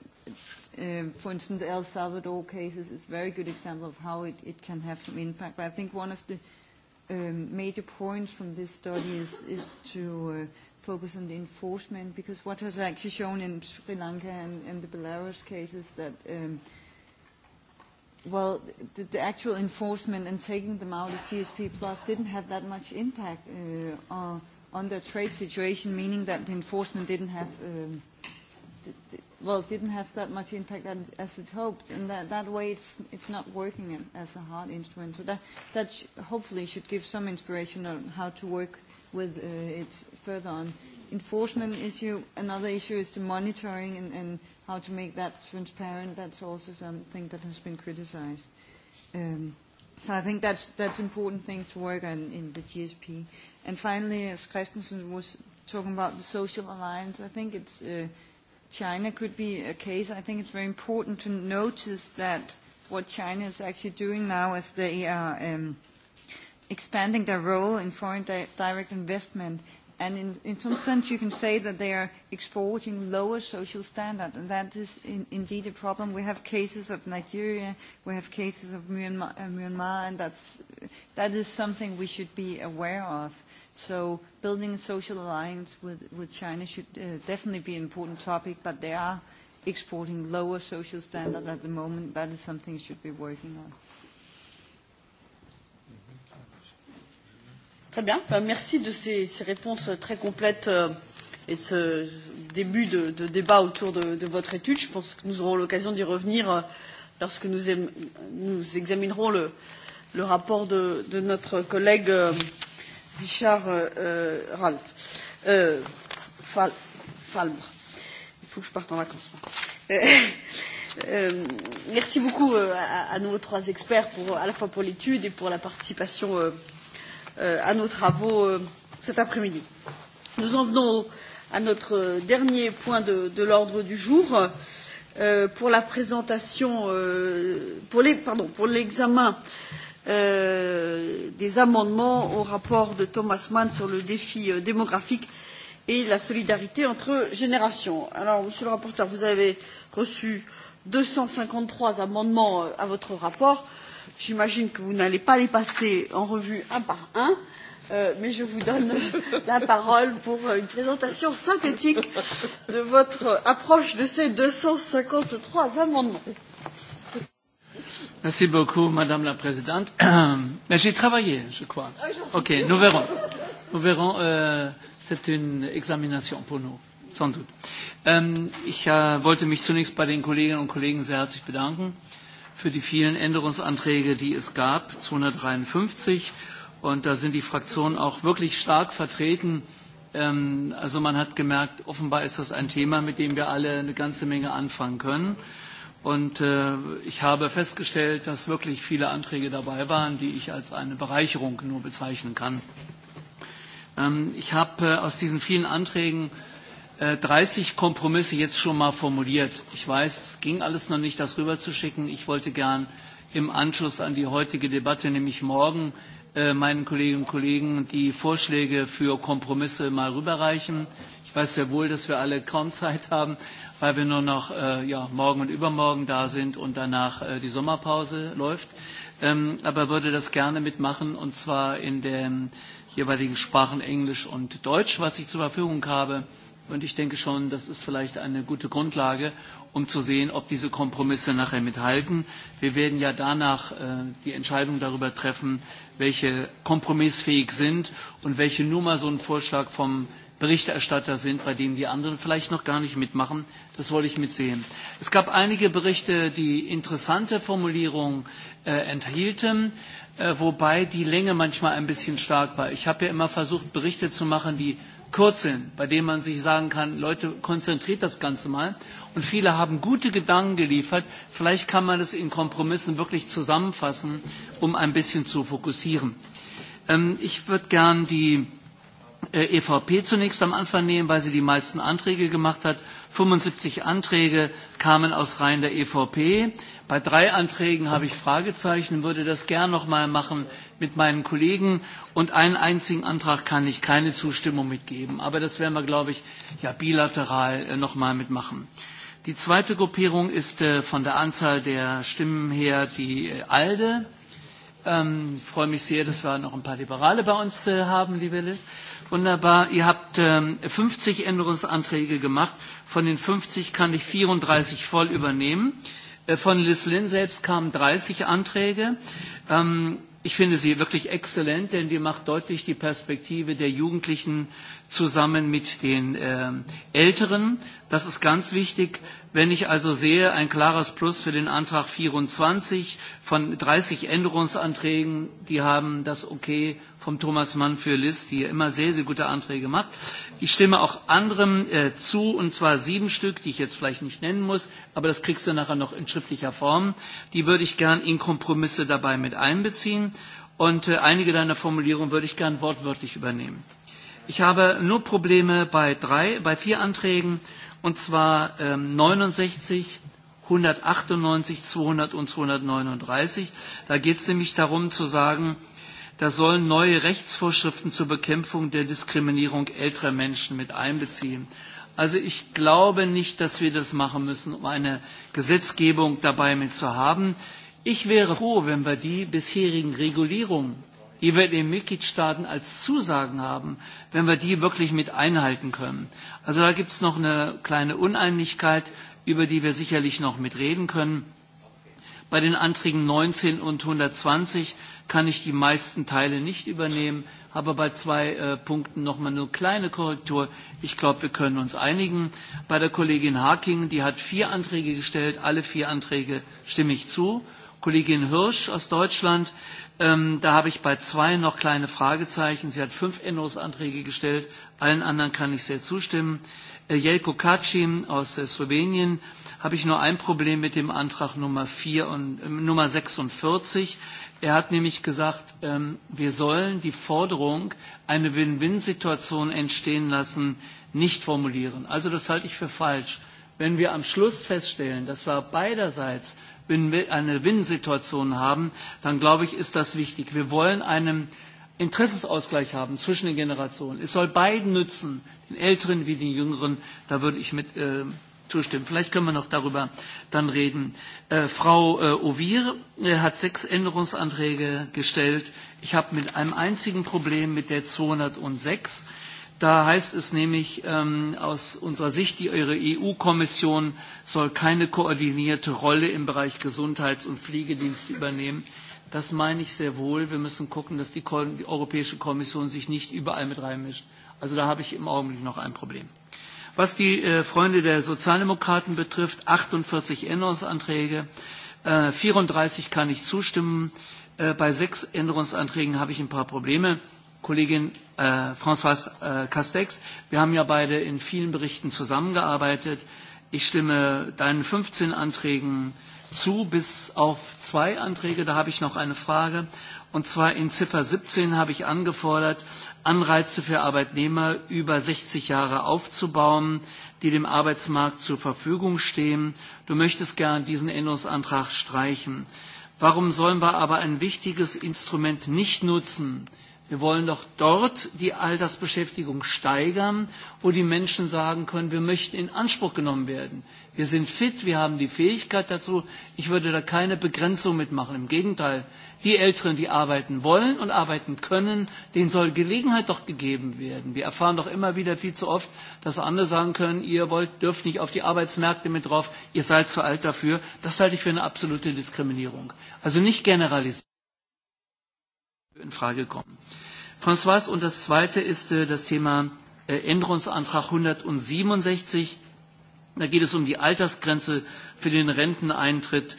um, for instance, the El Salvador cases is a very good example of how it, can have some impact. I think one of the major points from this study is, to uh, focus on the enforcement, because what has actually shown in Sri Lanka and, the Belarus cases that well, the, the actual enforcement and taking them out of GSP Plus didn't have that much impact uh, on, on trade situation, meaning that the enforcement didn't have, um, well, didn't have that much impact as it hoped, and that, that way it's, it's not working as a hard instrument. So that, that sh hopefully should give some inspiration on how to work with uh, it further on. Enforcement issue, another issue is the monitoring and, and – how to make that transparent, that's also something that has been criticized. Um, so I think that's that's important thing to work on in the GSP. And finally, as Christensen was talking about the social alliance, I think it's uh, China could be a case. I think it's very important to notice that what China is actually doing now is they are um, expanding their role in foreign di direct investment And in, in some sense, you can say that they are exporting lower social standard, and that is in, indeed a problem. We have cases of Nigeria, we have cases of Myanmar, uh, Myanmar and that's, that is something we should be aware of. So building a social alliance with, with China should uh, definitely be an important topic, but they are exporting lower social standard at the moment. That is something we should be working on. Très bien. Merci de ces, ces réponses très complètes euh, et de ce début de, de débat autour de, de votre étude. Je pense que nous aurons l'occasion d'y revenir euh, lorsque nous, aim, nous examinerons le, le rapport de, de notre collègue euh, Richard euh, euh Ralph. Euh, Fal, Falbre. Il faut que je parte en vacances. Euh, euh, merci beaucoup euh, à, à nos trois experts pour, à la fois pour l'étude et pour la participation euh, Euh, à nos travaux euh, cet après midi. nous en venons à notre dernier point de, de l'ordre du jour euh, pour la présentation pour l'examen des amendements au rapport de thomas mann sur le défi démographique et la solidarité entre générations. Alors, monsieur le rapporteur vous avez reçu deux cent cinquante trois amendements à votre rapport. J'imagine que vous n'allez pas les passer en revue un par un, euh, mais je vous donne la parole pour euh, une présentation synthétique de votre approche de ces 253 amendements. Merci beaucoup, Madame la Présidente. Mais j'ai travaillé, je crois. Ah, ok, nous verrons. Nous verrons. Euh, c'est une examination pour nous, sans doute. Ähm, ich äh, wollte mich zunächst bei den Kolleginnen und Kollegen sehr herzlich bedanken für die vielen Änderungsanträge, die es gab, 253. Und da sind die Fraktionen auch wirklich stark vertreten. Ähm, also man hat gemerkt, offenbar ist das ein Thema, mit dem wir alle eine ganze Menge anfangen können. Und äh, ich habe festgestellt, dass wirklich viele Anträge dabei waren, die ich als eine Bereicherung nur bezeichnen kann. Ähm, ich habe äh, aus diesen vielen Anträgen 30 äh, Kompromisse jetzt schon mal formuliert. Ich weiß, es ging alles noch nicht, das rüberzuschicken. Ich wollte gern im Anschluss an die heutige Debatte, nämlich morgen, äh, meinen Kolleginnen und Kollegen die Vorschläge für Kompromisse mal rüberreichen. Ich weiß sehr wohl, dass wir alle kaum Zeit haben, weil wir nur noch äh, ja, morgen und übermorgen da sind und danach äh, die Sommerpause läuft. Ähm, aber würde das gerne mitmachen und zwar in den jeweiligen Sprachen Englisch und Deutsch, was ich zur Verfügung habe. Und ich denke schon, das ist vielleicht eine gute Grundlage, um zu sehen, ob diese Kompromisse nachher mithalten. Wir werden ja danach äh, die Entscheidung darüber treffen, welche kompromissfähig sind und welche nur mal so ein Vorschlag vom Berichterstatter sind, bei dem die anderen vielleicht noch gar nicht mitmachen. Das wollte ich mitsehen. Es gab einige Berichte, die interessante Formulierungen äh, enthielten, äh, wobei die Länge manchmal ein bisschen stark war. Ich habe ja immer versucht, Berichte zu machen, die kürzeln, bei dem man sich sagen kann, Leute, konzentriert das Ganze mal. Und viele haben gute Gedanken geliefert. Vielleicht kann man es in Kompromissen wirklich zusammenfassen, um ein bisschen zu fokussieren. Ähm, ich würde gern die äh, EVP zunächst am Anfang nehmen, weil sie die meisten Anträge gemacht hat. 75 Anträge kamen aus Reihen der EVP. Bei drei Anträgen habe ich Fragezeichen, würde das gern noch mal machen, mit meinen Kollegen und einen einzigen Antrag kann ich keine Zustimmung mitgeben. Aber das werden wir, glaube ich, ja bilateral äh, nochmal mitmachen. Die zweite Gruppierung ist äh, von der Anzahl der Stimmen her die äh, ALDE. Ähm, freue mich sehr, dass wir noch ein paar Liberale bei uns äh, haben, liebe Liz. Wunderbar. Ihr habt ähm, 50 Änderungsanträge gemacht. Von den 50 kann ich 34 voll übernehmen. Äh, von Liz Lynn selbst kamen 30 Anträge. Ähm, Ich finde sie wirklich exzellent, denn sie macht deutlich die Perspektive der Jugendlichen zusammen mit den ähm, Älteren. Das ist ganz wichtig. Wenn ich also sehe, ein klares Plus für den Antrag 24 von 30 Änderungsanträgen, die haben das Okay vom Thomas Mann für List, die er immer sehr, sehr gute Anträge macht. Ich stimme auch anderem äh, zu, und zwar sieben Stück, die ich jetzt vielleicht nicht nennen muss, aber das kriegst du nachher noch in schriftlicher Form. Die würde ich gern in Kompromisse dabei mit einbeziehen. Und äh, einige deiner Formulierungen würde ich gern wortwörtlich übernehmen. Ich habe nur Probleme bei drei, bei vier Anträgen, und zwar ähm, 69, 198, 200 und 239. Da geht es nämlich darum zu sagen, da sollen neue Rechtsvorschriften zur Bekämpfung der Diskriminierung älterer Menschen mit einbeziehen. Also ich glaube nicht, dass wir das machen müssen, um eine Gesetzgebung dabei mit zu haben. Ich wäre froh, wenn wir die bisherigen Regulierungen die wir in den Mitgliedstaaten als Zusagen haben, wenn wir die wirklich mit einhalten können. Also da gibt es noch eine kleine Uneinigkeit, über die wir sicherlich noch mitreden können. Bei den Anträgen 19 und 120 kann ich die meisten Teile nicht übernehmen, habe bei zwei äh, Punkten noch mal nur kleine Korrektur. Ich glaube, wir können uns einigen. Bei der Kollegin Harking, die hat vier Anträge gestellt, alle vier Anträge stimme ich zu. Kollegin Hirsch aus Deutschland, äh, Ähm, da habe ich bei zwei noch kleine Fragezeichen. Sie hat fünf Änderungsanträge gestellt. Allen anderen kann ich sehr zustimmen. Äh, Jelko Kacin aus äh, Slowenien habe ich nur ein Problem mit dem Antrag Nummer, vier und, äh, Nummer 46. Er hat nämlich gesagt, ähm, wir sollen die Forderung, eine Win-Win-Situation entstehen lassen, nicht formulieren. Also das halte ich für falsch. Wenn wir am Schluss feststellen, dass wir beiderseits eine Win-Win-Situation haben, dann glaube ich, ist das wichtig. Wir wollen einen Interessensausgleich haben zwischen den Generationen. Es soll beiden nützen, den Älteren wie den Jüngeren. Da würde ich mit äh, zustimmen. Vielleicht können wir noch darüber dann reden. Äh, Frau äh, Ovir äh, hat sechs Änderungsanträge gestellt. Ich habe mit einem einzigen Problem mit der 206 Da heißt es nämlich ähm, aus unserer Sicht, die EU-Kommission e soll keine koordinierte Rolle im Bereich Gesundheits- und Pflegedienst übernehmen. Das meine ich sehr wohl. Wir müssen gucken, dass die, die Europäische Kommission sich nicht überall mit reinmischt. Also da habe ich im Augenblick noch ein Problem. Was die äh, Freunde der Sozialdemokraten betrifft, 48 Änderungsanträge, äh, 34 kann ich zustimmen. Äh, bei sechs Änderungsanträgen habe ich ein paar Probleme. Kollegin äh, François äh, Castex. Wir haben ja beide in vielen Berichten zusammengearbeitet. Ich stimme deinen 15 Anträgen zu, bis auf zwei Anträge. Da habe ich noch eine Frage. Und zwar in Ziffer 17 habe ich angefordert, Anreize für Arbeitnehmer über 60 Jahre aufzubauen, die dem Arbeitsmarkt zur Verfügung stehen. Du möchtest gern diesen Änderungsantrag streichen. Warum sollen wir aber ein wichtiges Instrument nicht nutzen, äh, Wir wollen doch dort die Altersbeschäftigung steigern, wo die Menschen sagen können, wir möchten in Anspruch genommen werden. Wir sind fit, wir haben die Fähigkeit dazu. Ich würde da keine Begrenzung mitmachen. Im Gegenteil, die Älteren, die arbeiten wollen und arbeiten können, denen soll Gelegenheit doch gegeben werden. Wir erfahren doch immer wieder viel zu oft, dass andere sagen können, ihr wollt, dürft nicht auf die Arbeitsmärkte mit drauf, ihr seid zu alt dafür. Das halte ich für eine absolute Diskriminierung. Also nicht generalisieren in Frage kommen. François, und das zweite ist äh, das Thema äh, Änderungsantrag 167. Da geht es um die Altersgrenze für den Renteneintritt.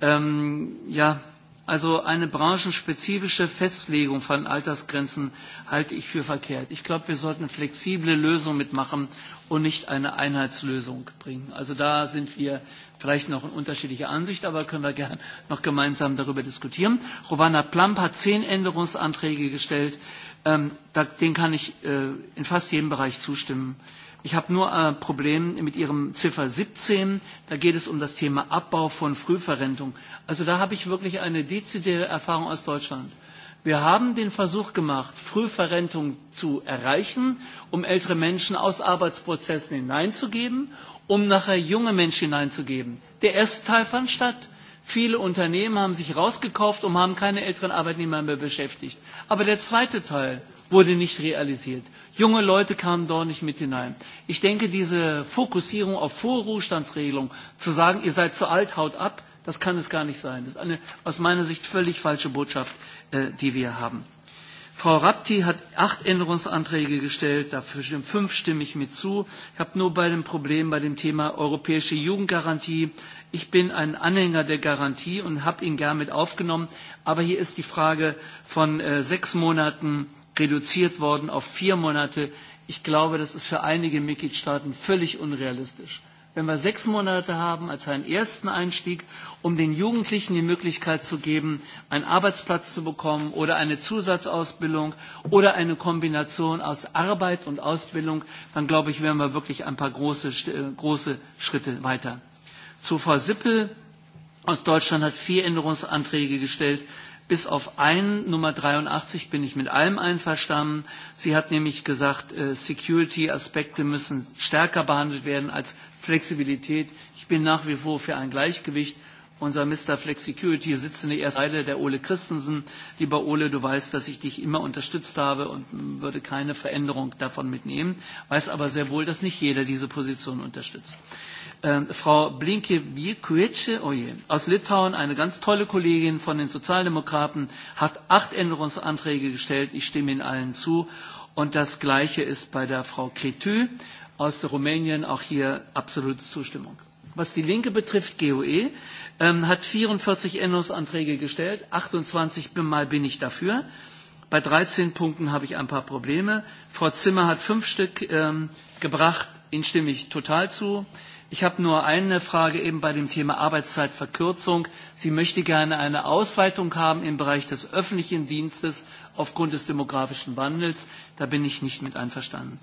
Ähm, ja, Also eine branchenspezifische Festlegung von Altersgrenzen halte ich für verkehrt. Ich glaube, wir sollten eine flexible Lösung mitmachen und nicht eine Einheitslösung bringen. Also da sind wir vielleicht noch in unterschiedlicher Ansicht, aber können wir gerne noch gemeinsam darüber diskutieren. Rowana Plamp hat zehn Änderungsanträge gestellt. Ähm, da, den kann ich äh, in fast jedem Bereich zustimmen. Ich habe nur ein äh, Problem mit Ihrem Ziffer 17. Da geht es um das Thema Abbau von Frühverrentung. Also da habe ich wirklich eine dezidierte Erfahrung aus Deutschland. Wir haben den Versuch gemacht, Frühverrentung zu erreichen, um ältere Menschen aus Arbeitsprozessen hineinzugeben, um nachher junge Menschen hineinzugeben. Der erste Teil fand statt. Viele Unternehmen haben sich rausgekauft und haben keine älteren Arbeitnehmer mehr beschäftigt. Aber der zweite Teil wurde nicht realisiert. Junge Leute kamen dort nicht mit hinein. Ich denke, diese Fokussierung auf Vorruhestandsregelung, zu sagen, ihr seid zu alt, haut ab, das kann es gar nicht sein. Das ist eine aus meiner Sicht völlig falsche Botschaft, äh, die wir haben. Frau Rapti hat acht Änderungsanträge gestellt, dafür fünf stimme ich mit zu. Ich habe nur bei dem Problem, bei dem Thema europäische Jugendgarantie. Ich bin ein Anhänger der Garantie und habe ihn gern mit aufgenommen. Aber hier ist die Frage von äh, sechs Monaten reduziert worden auf vier Monate. Ich glaube, das ist für einige Mitgliedstaaten völlig unrealistisch. Wenn wir sechs Monate haben als einen ersten Einstieg, um den Jugendlichen die Möglichkeit zu geben, einen Arbeitsplatz zu bekommen oder eine Zusatzausbildung oder eine Kombination aus Arbeit und Ausbildung, dann glaube ich, wären wir wirklich ein paar große, äh, große Schritte weiter. Zu Frau Sippel aus Deutschland hat vier Änderungsanträge gestellt. Bis auf ein Nummer 83 bin ich mit allem einverstanden. Sie hat nämlich gesagt, äh, Security-Aspekte müssen stärker behandelt werden als Flexibilität. Ich bin nach wie vor für ein Gleichgewicht. Unser Mr. Flexicurity sitzt in der ersten Reihe, der Ole Christensen. Lieber Ole, du weißt, dass ich dich immer unterstützt habe und würde keine Veränderung davon mitnehmen, weiß aber sehr wohl, dass nicht jeder diese Position unterstützt. Ähm, Frau Blinke-Biekwitsche-Oje oh aus Litauen, eine ganz tolle Kollegin von den Sozialdemokraten, hat acht Änderungsanträge gestellt. Ich stimme Ihnen allen zu. Und das Gleiche ist bei der Frau Cretu aus Rumänien auch hier absolute Zustimmung. Was die Linke betrifft, GOE, ähm, hat 44 Änderungsanträge gestellt, 28 mal bin ich dafür. Bei 13 Punkten habe ich ein paar Probleme. Frau Zimmer hat fünf Stück ähm, gebracht, ihnen stimme ich total zu. Ich habe nur eine Frage eben bei dem Thema Arbeitszeitverkürzung. Sie möchte gerne eine Ausweitung haben im Bereich des öffentlichen Dienstes aufgrund des demografischen Wandels. Da bin ich nicht mit einverstanden.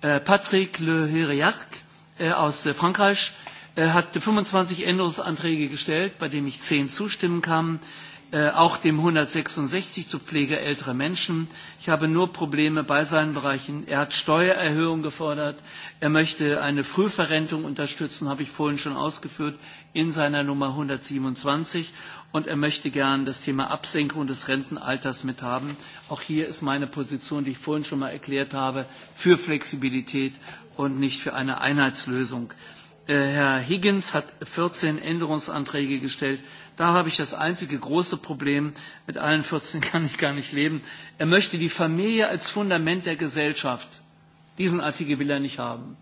Äh, Patrick Le Hiriac äh, aus äh, Frankreich hat 25 Änderungsanträge gestellt, bei denen ich zehn zustimmen kann. Äh, auch dem 166 zur Pflege älterer Menschen. Ich habe nur Probleme bei seinen Bereichen. Er hat Steuererhöhungen gefordert. Er möchte eine Frühverrentung unterstützen, habe ich vorhin schon ausgeführt, in seiner Nummer 127. Und er möchte gern das Thema Absenkung des Rentenalters mithaben. Auch hier ist meine Position, die ich vorhin schon mal erklärt habe, für Flexibilität und nicht für eine Einheitslösung. Äh, Herr Higgins hat 14 Änderungsanträge gestellt. Da habe ich das einzige große Problem, mit allen 14 kann ich gar nicht leben. Er möchte die Familie als Fundament der Gesellschaft. Diesen Artikel will er nicht haben.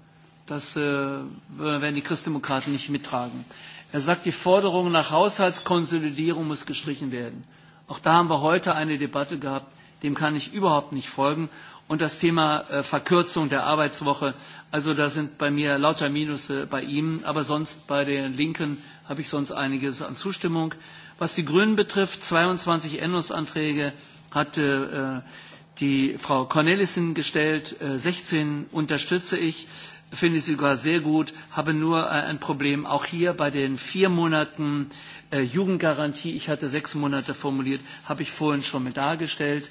Das äh, werden die Christdemokraten nicht mittragen. Er sagt, die Forderung nach Haushaltskonsolidierung muss gestrichen werden. Auch da haben wir heute eine Debatte gehabt, dem kann ich überhaupt nicht folgen und das Thema äh, Verkürzung der Arbeitswoche. Also da sind bei mir lauter Minus äh, bei ihm, aber sonst bei den Linken habe ich sonst einiges an Zustimmung. Was die Grünen betrifft, 22 Änderungsanträge hatte äh, die Frau Cornelissen gestellt, äh, 16 unterstütze ich, finde ich sogar sehr gut, habe nur äh, ein Problem auch hier bei den vier Monaten äh, Jugendgarantie, ich hatte sechs Monate formuliert, habe ich vorhin schon mit dargestellt.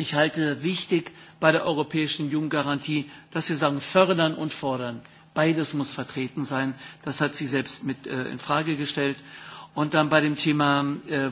Ich halte wichtig bei der europäischen Jugendgarantie, dass wir sagen, fördern und fordern. Beides muss vertreten sein. Das hat sie selbst mit äh, in Frage gestellt. Und dann bei dem Thema äh,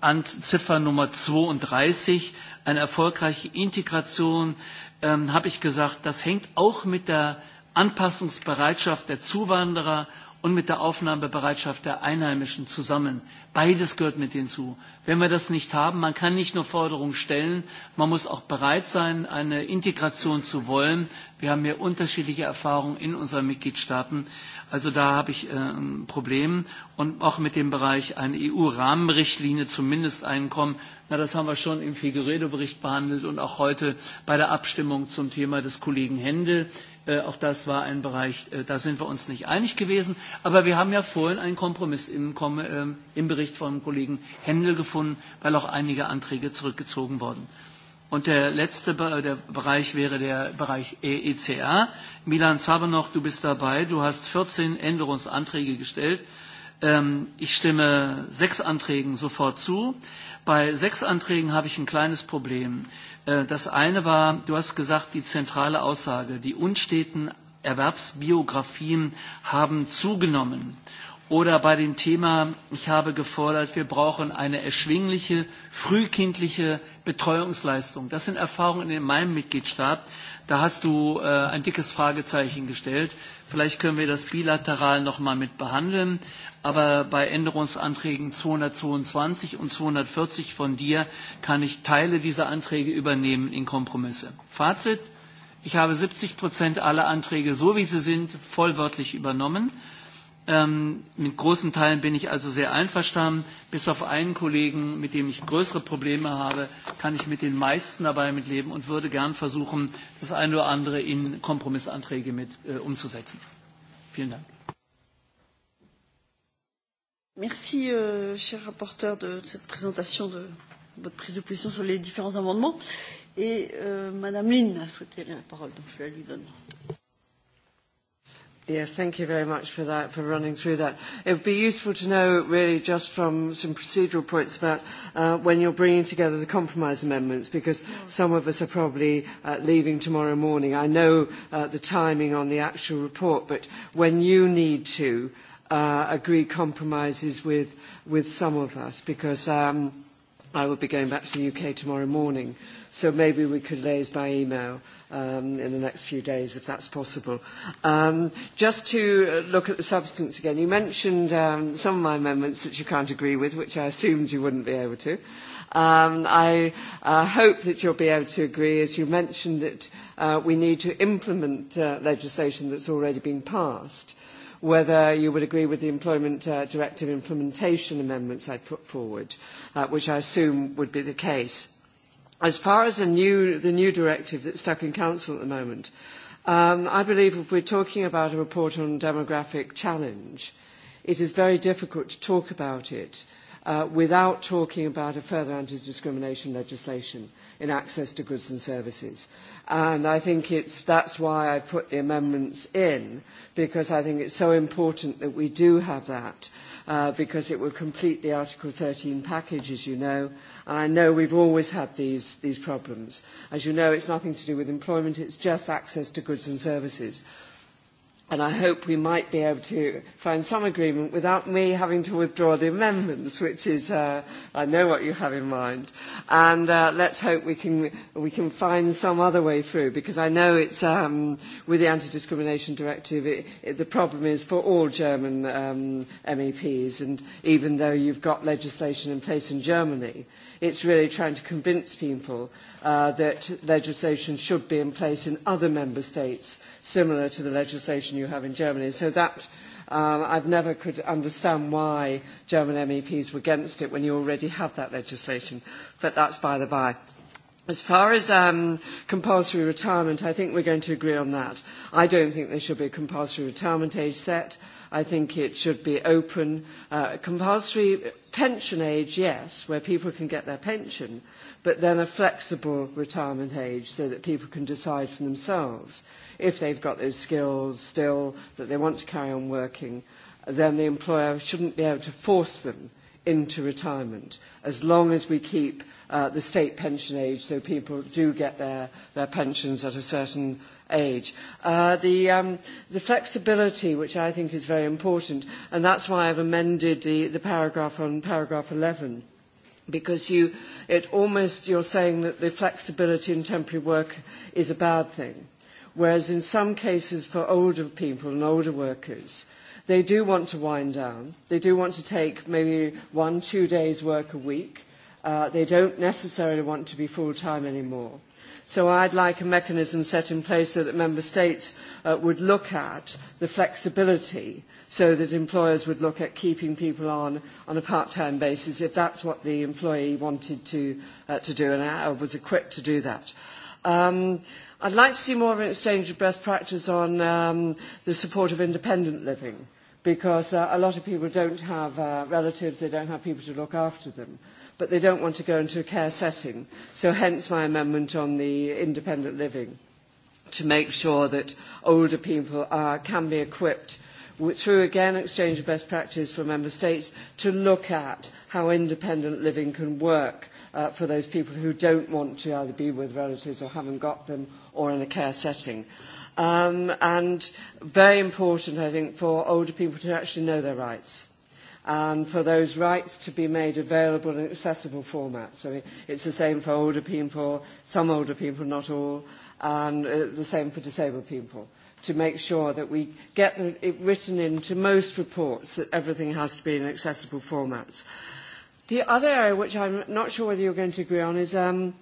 an Ziffer Nummer 32, eine erfolgreiche Integration, ähm, habe ich gesagt, das hängt auch mit der Anpassungsbereitschaft der Zuwanderer und mit der Aufnahmebereitschaft der Einheimischen zusammen. Beides gehört mit hinzu. Wenn wir das nicht haben, man kann nicht nur Forderungen stellen, man muss auch bereit sein, eine Integration zu wollen. Wir haben hier unterschiedliche Erfahrungen in unseren Mitgliedstaaten. Also da habe ich äh, ein Problem. Und auch mit dem Bereich eine EU-Rahmenrichtlinie zum Mindesteinkommen. Na, das haben wir schon im Figueredo-Bericht behandelt und auch heute bei der Abstimmung zum Thema des Kollegen Händel. Äh, auch das war ein Bereich, äh, da sind wir uns nicht einig gewesen. Aber wir haben ja vorhin einen Kompromiss im, äh, im Bericht vom Kollegen Händel gefunden, weil auch einige Anträge zurückgezogen wurden. Und der letzte der Bereich wäre der Bereich ECA. E Milan Zabenoch, du bist dabei. Du hast 14 Änderungsanträge gestellt. Ähm, ich stimme sechs Anträgen sofort zu. Bei sechs Anträgen habe ich ein kleines Problem. Äh, das eine war, du hast gesagt, die zentrale Aussage, die unsteten Erwerbsbiografien haben zugenommen. Oder bei dem Thema, ich habe gefordert, wir brauchen eine erschwingliche, frühkindliche Betreuungsleistung. Das sind Erfahrungen in meinem Mitgliedstaat. Da hast du äh, ein dickes Fragezeichen gestellt. Vielleicht können wir das bilateral noch mal mit behandeln. Aber bei Änderungsanträgen 222 und 240 von dir kann ich Teile dieser Anträge übernehmen in Kompromisse. Fazit. Ich habe 70 Prozent aller Anträge, so wie sie sind, vollwörtlich übernommen. Ähm, mit großen Teilen bin ich also sehr einverstanden. Bis auf einen Kollegen, mit dem ich größere Probleme habe, kann ich mit den meisten dabei mitleben und würde gern versuchen, das eine oder andere in Kompromissanträge mit äh, umzusetzen. Vielen Dank. Merci, euh, cher rapporteur, de cette présentation de votre prise de position sur les différents amendements. Et euh, Madame Lynn a souhaité la parole, donc je la lui donne. Yes, thank you very much for that, for running through that. It would be useful to know, really, just from some procedural points about uh, when you're bringing together the compromise amendments, because mm. some of us are probably uh, leaving tomorrow morning. I know uh, the timing on the actual report, but when you need to uh, agree compromises with, with some of us, because um, I will be going back to the UK tomorrow morning. Uh, So maybe we could liaise by email um, in the next few days if that's possible. Um, just to look at the substance again, you mentioned um, some of my amendments that you can't agree with, which I assumed you wouldn't be able to. Um, I uh, hope that you'll be able to agree, as you mentioned, that uh, we need to implement uh, legislation that's already been passed, whether you would agree with the Employment uh, Directive implementation amendments I put forward, uh, which I assume would be the case. As far as the new, the new directive that's stuck in council at the moment, um, I believe if we're talking about a report on demographic challenge, it is very difficult to talk about it uh, without talking about a further anti-discrimination legislation in access to goods and services. And I think it's, that's why I put the amendments in, because I think it's so important that we do have that. Uh, because it would complete the Article 13 package, as you know. And I know we've always had these, these problems. As you know, it's nothing to do with employment, it's just access to goods and services and I hope we might be able to find some agreement without me having to withdraw the amendments, which is, uh, I know what you have in mind. And uh, let's hope we can, we can find some other way through, because I know it's, um, with the Anti-Discrimination Directive, it, it, the problem is for all German um, MEPs, and even though you've got legislation in place in Germany, It's really trying to convince people uh, that legislation should be in place in other member states similar to the legislation you have in Germany. So that um, I've never could understand why German MEPs were against it when you already have that legislation. But that's by the by. As far as um, compulsory retirement, I think we're going to agree on that. I don't think there should be a compulsory retirement age set. I think it should be open. Uh, compulsory pension age, yes, where people can get their pension, but then a flexible retirement age so that people can decide for themselves if they've got those skills still that they want to carry on working, then the employer shouldn't be able to force them into retirement as long as we keep uh, the state pension age so people do get their, their pensions at a certain age. Uh, the, um, the flexibility, which I think is very important, and that's why I've amended the, the paragraph on paragraph 11 because you, it almost, you're saying that the flexibility in temporary work is a bad thing. Whereas in some cases for older people and older workers, they do want to wind down. They do want to take maybe one, two days work a week. Uh, they don't necessarily want to be full-time anymore. So I'd like a mechanism set in place so that member states uh, would look at the flexibility so that employers would look at keeping people on on a part-time basis if that's what the employee wanted to, uh, to do and I uh, was equipped to do that. Um, I'd like to see more of an exchange of best practice on um, the support of independent living because uh, a lot of people don't have uh, relatives, they don't have people to look after them but they don't want to go into a care setting. So hence my amendment on the independent living to make sure that older people are, can be equipped through again exchange of best practice from member states to look at how independent living can work uh, for those people who don't want to either be with relatives or haven't got them or in a care setting. Um, and very important, I think, for older people to actually know their rights and um, for those rights to be made available in accessible format. So I it's the same for older people, some older people, not all, and uh, the same for disabled people to make sure that we get it written into most reports that everything has to be in accessible formats. The other area which I'm not sure whether you're going to agree on is um,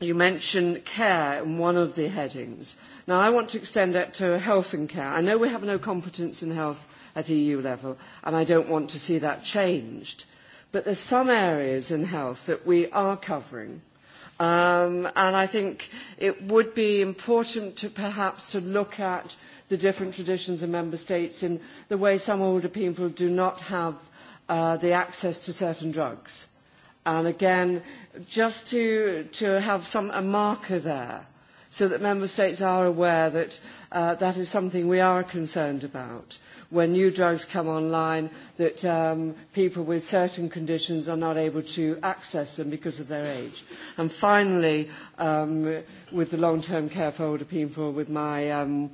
you mentioned care in one of the headings. Now I want to extend that to health and care. I know we have no competence in health at EU level, and I don't want to see that changed. But there's some areas in health that we are covering. Um, and I think it would be important to perhaps to look at the different traditions in member states in the way some older people do not have uh, the access to certain drugs. And again, just to, to have some, a marker there so that member states are aware that uh, that is something we are concerned about when new drugs come online that um, people with certain conditions are not able to access them because of their age. And finally, um, with the long-term care for older people, with my um,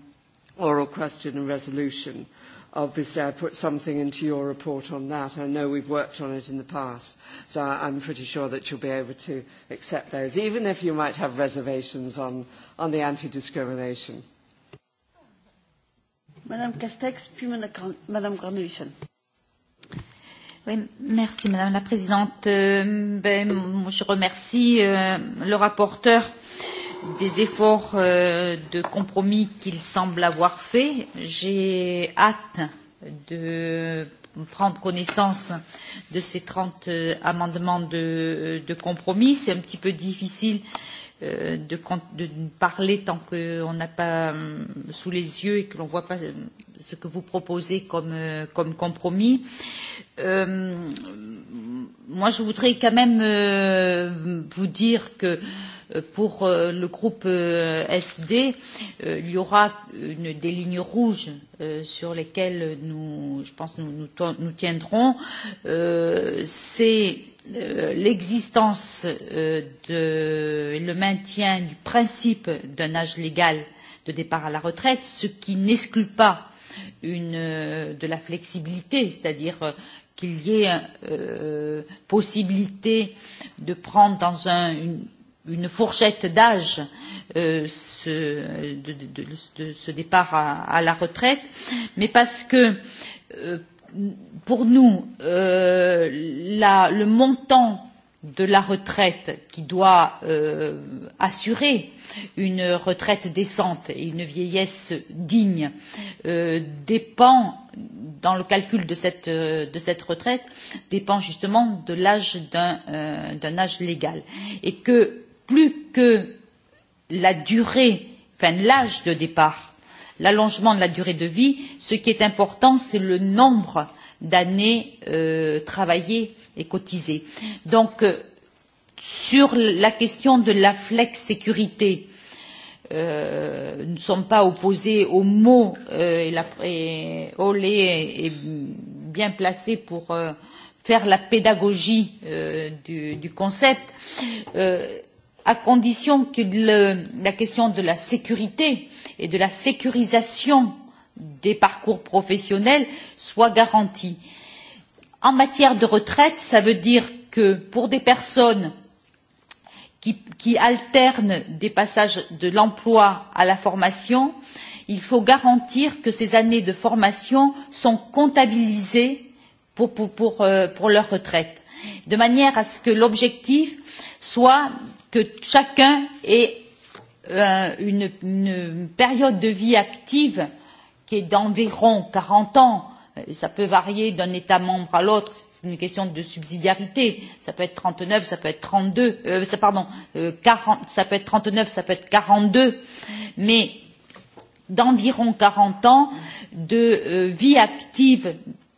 oral question and resolution, obviously I put something into your report on that. I know we've worked on it in the past, so I'm pretty sure that you'll be able to accept those, even if you might have reservations on, on the anti-discrimination Madame Castex, puis Madame Grandevichel. Oui, merci Madame la Présidente. Euh, ben, je remercie euh, le rapporteur des efforts euh, de compromis qu'il semble avoir fait. J'ai hâte de prendre connaissance de ces 30 euh, amendements de, de compromis. C'est un petit peu difficile euh, Euh, de, de, de parler tant qu'on n'a pas euh, sous les yeux et que l'on ne voit pas euh, ce que vous proposez comme, comme compromis. Euh, moi, je voudrais quand même euh, vous dire que pour euh, le groupe euh, SD, euh, il y aura une, des lignes rouges euh, sur lesquelles nous, je pense, nous, nous, nous tiendrons. Euh, C'est Euh, l'existence euh, et le maintien du principe d'un âge légal de départ à la retraite, ce qui n'exclut pas une, euh, de la flexibilité, c'est-à-dire euh, qu'il y ait euh, possibilité de prendre dans un, une, une fourchette d'âge euh, ce, de, de, de, de ce départ à, à la retraite, mais parce que euh, pour nous, euh, la, le montant de la retraite qui doit euh, assurer une retraite décente et une vieillesse digne euh, dépend dans le calcul de cette, de cette retraite dépend justement de l'âge d'un euh, âge légal et que plus que la durée enfin l'âge de départ l'allongement de la durée de vie. Ce qui est important, c'est le nombre d'années euh, travaillées et cotisées. Donc, euh, sur la question de la flex-sécurité, euh, nous ne sommes pas opposés aux mots euh, et, la, et Olé est, est bien placé pour euh, faire la pédagogie euh, du, du concept. Euh, à condition que le, la question de la sécurité et de la sécurisation des parcours professionnels soit garantie. En matière de retraite, ça veut dire que pour des personnes qui, qui alternent des passages de l'emploi à la formation, il faut garantir que ces années de formation sont comptabilisées pour, pour, pour, euh, pour leur retraite, de manière à ce que l'objectif soit que chacun ait euh, une, une période de vie active qui est d'environ 40 ans. Ça peut varier d'un État membre à l'autre, c'est une question de subsidiarité. Ça peut être 39, ça peut être 32, euh, ça, pardon, euh, 40, ça peut être 39, ça peut être 42, mais d'environ 40 ans de euh, vie active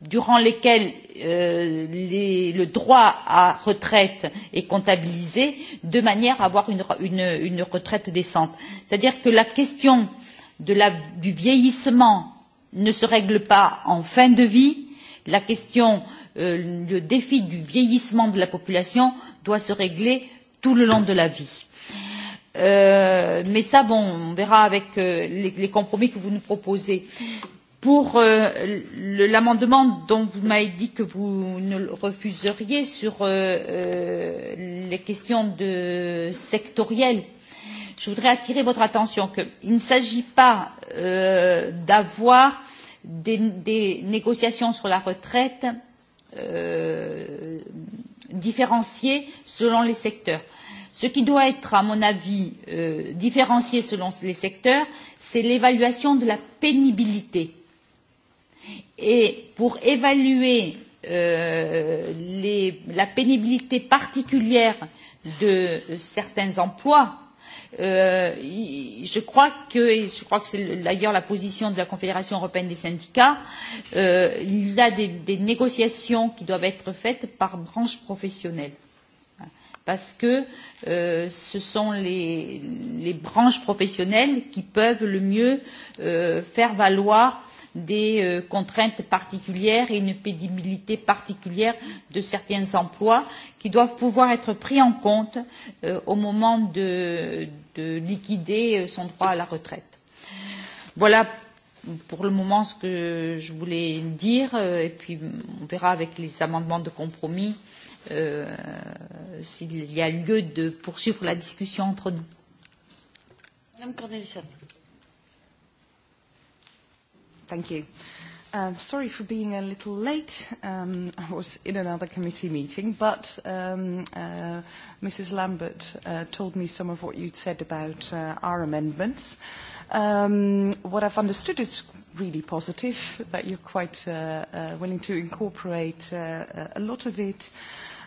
durant lesquels euh, les, le droit à retraite est comptabilisé de manière à avoir une, une, une retraite décente. C'est-à-dire que la question de la, du vieillissement ne se règle pas en fin de vie, la question, euh, le défi du vieillissement de la population doit se régler tout le long de la vie. Euh, mais ça, bon, on verra avec euh, les, les compromis que vous nous proposez. Pour euh, l'amendement dont vous m'avez dit que vous ne le refuseriez sur euh, euh les questions de sectorielles, je voudrais attirer votre attention qu'il ne s'agit pas euh, d'avoir des, des négociations sur la retraite euh, différenciées selon les secteurs. Ce qui doit être, à mon avis, euh, différencié selon les secteurs, c'est l'évaluation de la pénibilité et pour évaluer euh, les, la pénibilité particulière de certains emplois, euh, je crois que, et je crois que c'est d'ailleurs la position de la Confédération européenne des syndicats, euh, il y a des, des négociations qui doivent être faites par branche professionnelle parce que euh, ce sont les, les branches professionnelles qui peuvent le mieux euh, faire valoir des euh, contraintes particulières et une pénibilité particulière de certains emplois qui doivent pouvoir être pris en compte euh, au moment de, de liquider euh, son droit à la retraite. Voilà pour le moment ce que je voulais dire euh, et puis on verra avec les amendements de compromis euh, s'il y a lieu de poursuivre la discussion entre nous. Madame Cornelissen. Thank you. Um, sorry for being a little late. Um, I was in another committee meeting, but um, uh, Mrs. Lambert uh, told me some of what you'd said about uh, our amendments. Um, what I've understood is really positive, that you're quite uh, uh, willing to incorporate uh, a lot of it.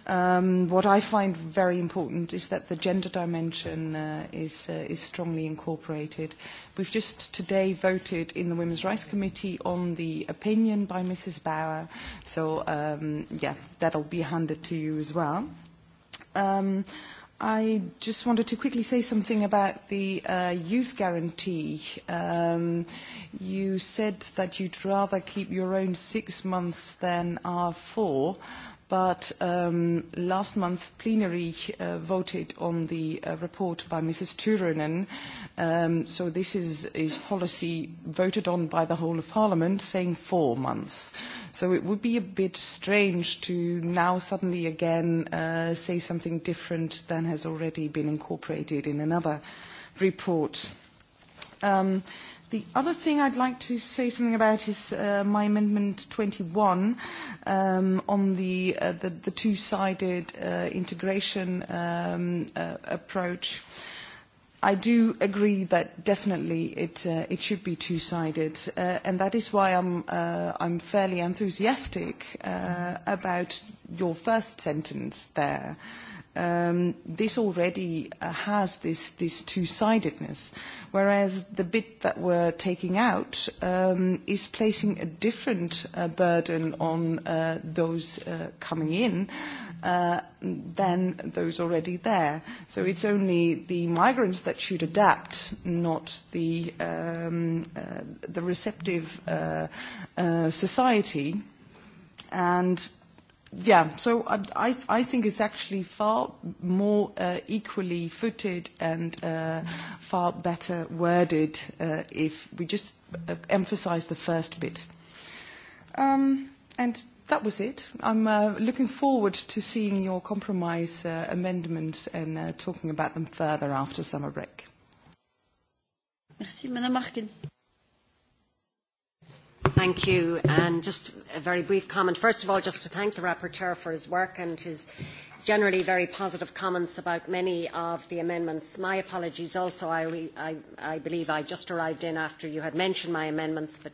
Um, what I find very important is that the gender dimension uh, is, uh, is strongly incorporated. We've just today voted in the Women's Rights Committee on the opinion by Mrs. Bauer, so um, yeah, that'll be handed to you as well. Um, I just wanted to quickly say something about the uh, youth guarantee. Um, you said that you'd rather keep your own six months than our four. But um, last month, plenary uh, voted on the uh, report by Mrs. Turunen. Um, so this is, is policy voted on by the whole of Parliament, saying four months. So it would be a bit strange to now suddenly again uh, say something different than has already been incorporated in another report. Um, The other thing I'd like to say something about is uh, my amendment 21 um, on the, uh, the, the two-sided uh, integration um, uh, approach. I do agree that definitely it, uh, it should be two-sided, uh, and that is why I'm, uh, I'm fairly enthusiastic uh, about your first sentence there. Uh, um, this already uh, has this, this two-sidedness, whereas the bit that we're taking out um, is placing a different uh, burden on uh, those uh, coming in uh, than those already there. So it's only the migrants that should adapt, not the, um, uh, the receptive uh, uh, society. And Yeah, so I, I think it's actually far more uh, equally footed and uh, far better worded uh, if we just uh, emphasize the first bit. Um, and that was it. I'm uh, looking forward to seeing your compromise uh, amendments and uh, talking about them further after summer break. Merci, Madame Markin. Thank you. And just a very brief comment. First of all, just to thank the rapporteur for his work and his generally very positive comments about many of the amendments. My apologies also. I, I, I believe I just arrived in after you had mentioned my amendments, but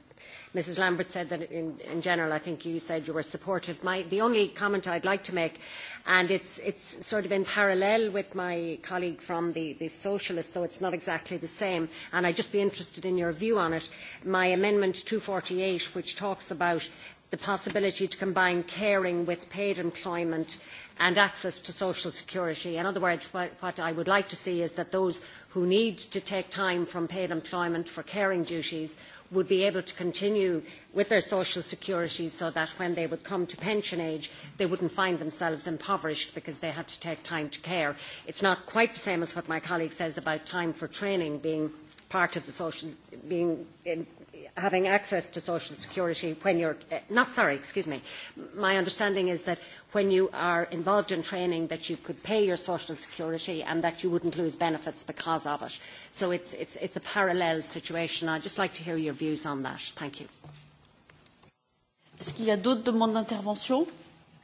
Mrs. Lambert said that in, in general, I think you said you were supportive. My, the only comment I'd like to make, and it's, it's sort of in parallel with my colleague from the, the Socialist, though it's not exactly the same, and I'd just be interested in your view on it. My amendment 248, which talks about the possibility to combine caring with paid employment and access to social security. In other words, what, what I would like to see is that those who need to take time from paid employment for caring duties would be able to continue with their social security so that when they would come to pension age they wouldn't find themselves impoverished because they had to take time to care. It's not quite the same as what my colleague says about time for training being part of the social being having access to social security when you're uh, not sorry excuse me my understanding is that when you are involved in training that you could pay your social security and that you wouldn't lose benefits because of it so it's it's it's a parallel situation i'd just like to hear your views on that thank you est-ce qu'il y a d'autres demandes d'intervention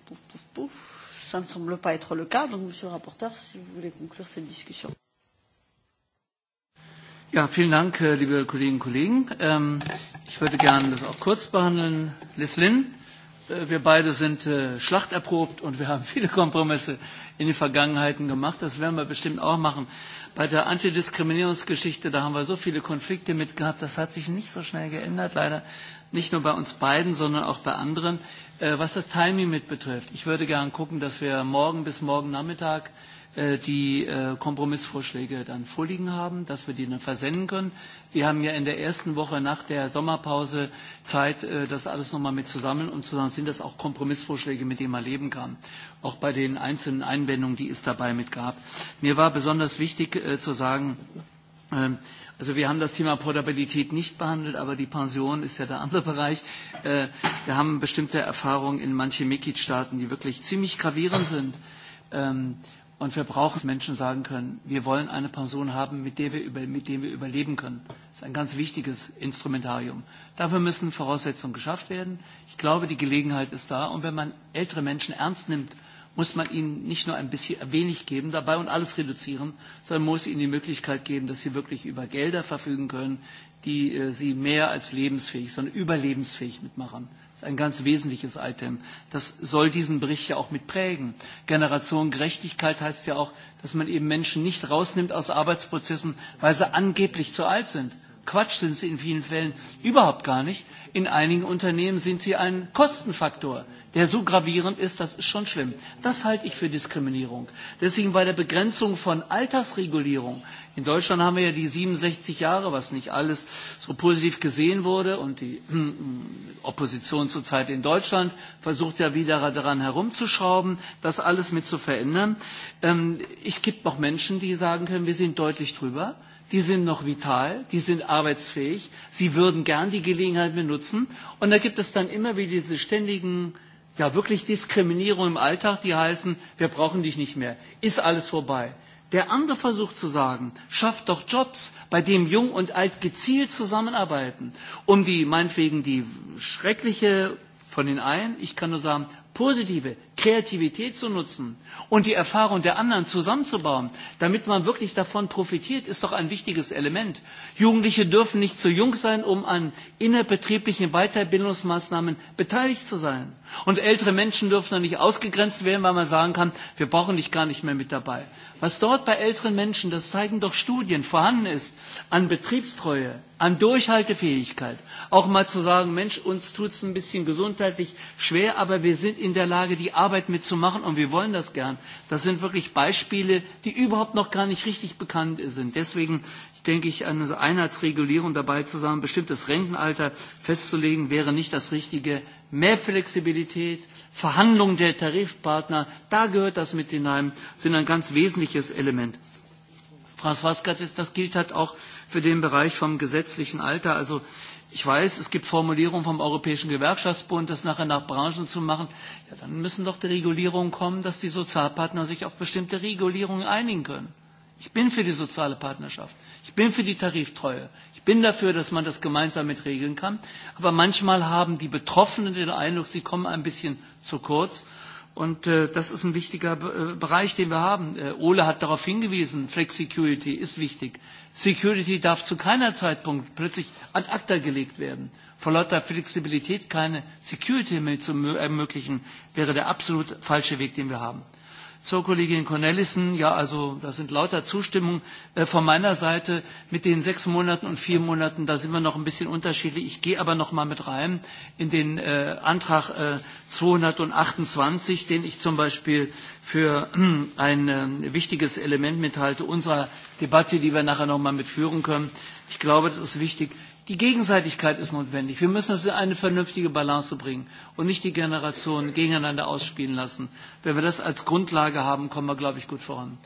pouf pouf pouf ça ne semble pas être le cas donc monsieur le rapporteur si vous voulez conclure cette discussion ja, vielen Dank, äh, liebe Kolleginnen und Kollegen. Ähm, ich würde gerne das auch kurz behandeln. Liz Lynn, äh, wir beide sind äh, schlachterprobt und wir haben viele Kompromisse in den Vergangenheiten gemacht. Das werden wir bestimmt auch machen. Bei der Antidiskriminierungsgeschichte, da haben wir so viele Konflikte mit gehabt. Das hat sich nicht so schnell geändert, leider. Nicht nur bei uns beiden, sondern auch bei anderen. was das Timing mit betrifft, ich würde gerne gucken, dass wir morgen bis morgen Nachmittag Äh, die äh, Kompromissvorschläge dann vorliegen haben, dass wir die dann versenden können. Wir haben ja in der ersten Woche nach der Sommerpause Zeit, äh, das alles nochmal mit zu sammeln und um zu sagen, sind das auch Kompromissvorschläge, mit denen man leben kann. Auch bei den einzelnen Einwendungen, die es dabei mit gab. Mir war besonders wichtig zu sagen, ähm, Also wir haben das Thema Portabilität nicht behandelt, aber die Pension ist ja der andere Bereich. Wir haben bestimmte Erfahrungen in manchen Mitgliedstaaten, die wirklich ziemlich gravierend sind. Ähm, und wir brauchen, dass Menschen sagen können, wir wollen eine Pension haben, mit der wir, über, mit der wir überleben können. Das ist ein ganz wichtiges Instrumentarium. Dafür müssen Voraussetzungen geschafft werden. Ich glaube, die Gelegenheit ist da. Und wenn man ältere Menschen ernst nimmt, muss man ihnen nicht nur ein bisschen ein wenig geben dabei und alles reduzieren, sondern muss ihnen die Möglichkeit geben, dass sie wirklich über Gelder verfügen können, die äh, sie mehr als lebensfähig, sondern überlebensfähig mitmachen ist ein ganz wesentliches Item. Das soll diesen Bericht ja auch mit prägen. Generationengerechtigkeit heißt ja auch, dass man eben Menschen nicht rausnimmt aus Arbeitsprozessen, weil sie angeblich zu alt sind. Quatsch sind sie in vielen Fällen überhaupt gar nicht. In einigen Unternehmen sind sie ein Kostenfaktor der so gravierend ist, das ist schon schlimm. Das halte ich für Diskriminierung. Deswegen bei der Begrenzung von Altersregulierung. In Deutschland haben wir ja die 67 Jahre, was nicht alles so positiv gesehen wurde. Und die äh, Opposition zurzeit in Deutschland versucht ja wieder daran herumzuschrauben, das alles mit zu verändern. Ähm, ich gibt noch Menschen, die sagen können, wir sind deutlich drüber die sind noch vital, die sind arbeitsfähig, sie würden gern die Gelegenheit benutzen. Und da gibt es dann immer wieder diese ständigen ja wirklich Diskriminierung im Alltag, die heißen, wir brauchen dich nicht mehr, ist alles vorbei. Der andere versucht zu sagen, schafft doch Jobs, bei dem Jung und Alt gezielt zusammenarbeiten, um die, meinetwegen die schreckliche von den einen, ich kann nur sagen, positive Kreativität zu nutzen und die Erfahrung der anderen zusammenzubauen, damit man wirklich davon profitiert, ist doch ein wichtiges Element. Jugendliche dürfen nicht zu jung sein, um an innerbetrieblichen Weiterbildungsmaßnahmen beteiligt zu sein. Und ältere Menschen dürfen doch nicht ausgegrenzt werden, weil man sagen kann, wir brauchen dich gar nicht mehr mit dabei. Was dort bei älteren Menschen, das zeigen doch Studien, vorhanden ist an Betriebstreue, an Durchhaltefähigkeit, auch mal zu sagen, Mensch, uns tut es ein bisschen gesundheitlich schwer, aber wir sind in der Lage, die Arbeit Arbeit mitzumachen und wir wollen das gern. Das sind wirklich Beispiele, die überhaupt noch gar nicht richtig bekannt sind. Deswegen denke ich, eine Einheitsregulierung dabei zu zusammen, bestimmtes Rentenalter festzulegen, wäre nicht das Richtige. Mehr Flexibilität, Verhandlungen der Tarifpartner, da gehört das mit hinein, sind ein ganz wesentliches Element. Frau Swaskat, das gilt halt auch für den Bereich vom gesetzlichen Alter. Also Ich weiß, es gibt Formulierungen vom Europäischen Gewerkschaftsbund, das nachher nach Branchen zu machen. Ja, dann müssen doch die Regulierungen kommen, dass die Sozialpartner sich auf bestimmte Regulierungen einigen können. Ich bin für die soziale Partnerschaft. Ich bin für die Tariftreue. Ich bin dafür, dass man das gemeinsam mit regeln kann. Aber manchmal haben die Betroffenen den Eindruck, sie kommen ein bisschen zu kurz. Und äh, das ist ein wichtiger äh, Bereich, den wir haben. Äh, Ole hat darauf hingewiesen, Flexicurity ist wichtig. Security darf zu keiner Zeitpunkt plötzlich ad acta gelegt werden. Vor lauter Flexibilität keine Security mehr zu ermöglichen, wäre der absolut falsche Weg, den wir haben zur Kollegin Cornelissen. Ja, also das sind lauter Zustimmung äh, von meiner Seite mit den sechs Monaten und vier Monaten. Da sind wir noch ein bisschen unterschiedlich. Ich gehe aber noch mal mit rein in den äh, Antrag äh, 228, den ich zum Beispiel für äh, ein äh, wichtiges Element mithalte unserer Debatte, die wir nachher noch mal mitführen können. Ich glaube, das ist wichtig, Die Gegenseitigkeit ist notwendig. Wir müssen es in eine vernünftige Balance bringen und nicht die Generationen gegeneinander ausspielen lassen. Wenn wir das als Grundlage haben, kommen wir, glaube ich, gut voran.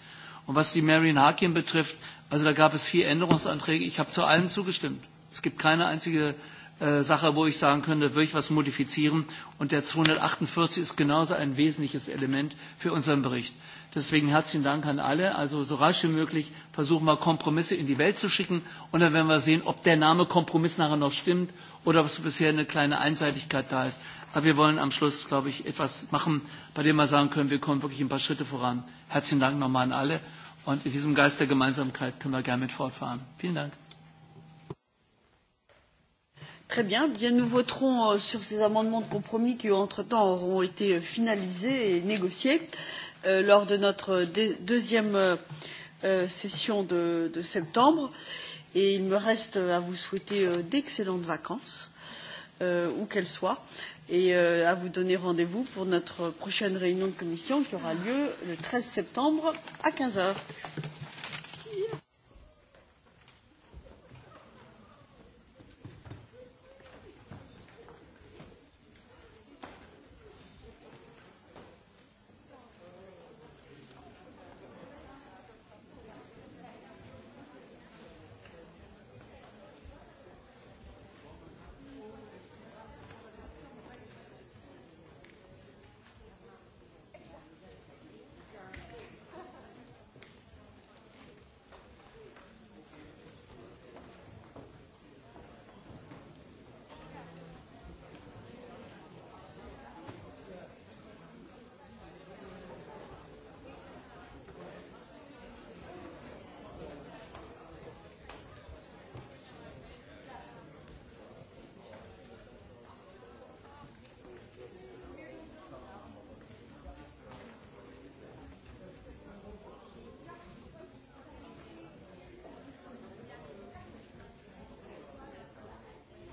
Und was die Marion Harkin betrifft, also da gab es vier Änderungsanträge. Ich habe zu allen zugestimmt. Es gibt keine einzige äh, Sache, wo ich sagen könnte, würde ich was modifizieren. Und der 248 ist genauso ein wesentliches Element für unseren Bericht. Deswegen herzlichen Dank an alle. Also so rasch wie möglich versuchen wir Kompromisse in die Welt zu schicken und dann werden wir sehen, ob der Name Kompromiss nachher noch stimmt oder ob es bisher eine kleine Einseitigkeit da ist. Aber wir wollen am Schluss, glaube ich, etwas machen, bei dem wir sagen können, wir kommen wirklich ein paar Schritte voran. Herzlichen Dank nochmal an alle. Und in diesem Geist der Gemeinsamkeit können wir gerne mit fortfahren. Vielen Dank. Très bien. Bien, nous voterons euh, sur ces amendements de compromis qui, entre-temps, auront été finalisés et négociés. Euh, lors de notre deuxième euh, euh, session de, de septembre et il me reste à vous souhaiter d'excellentes vacances, euh, où qu'elles soient, et euh, à vous donner rendez-vous pour notre prochaine réunion de commission qui aura lieu le 13 septembre à 15 heures.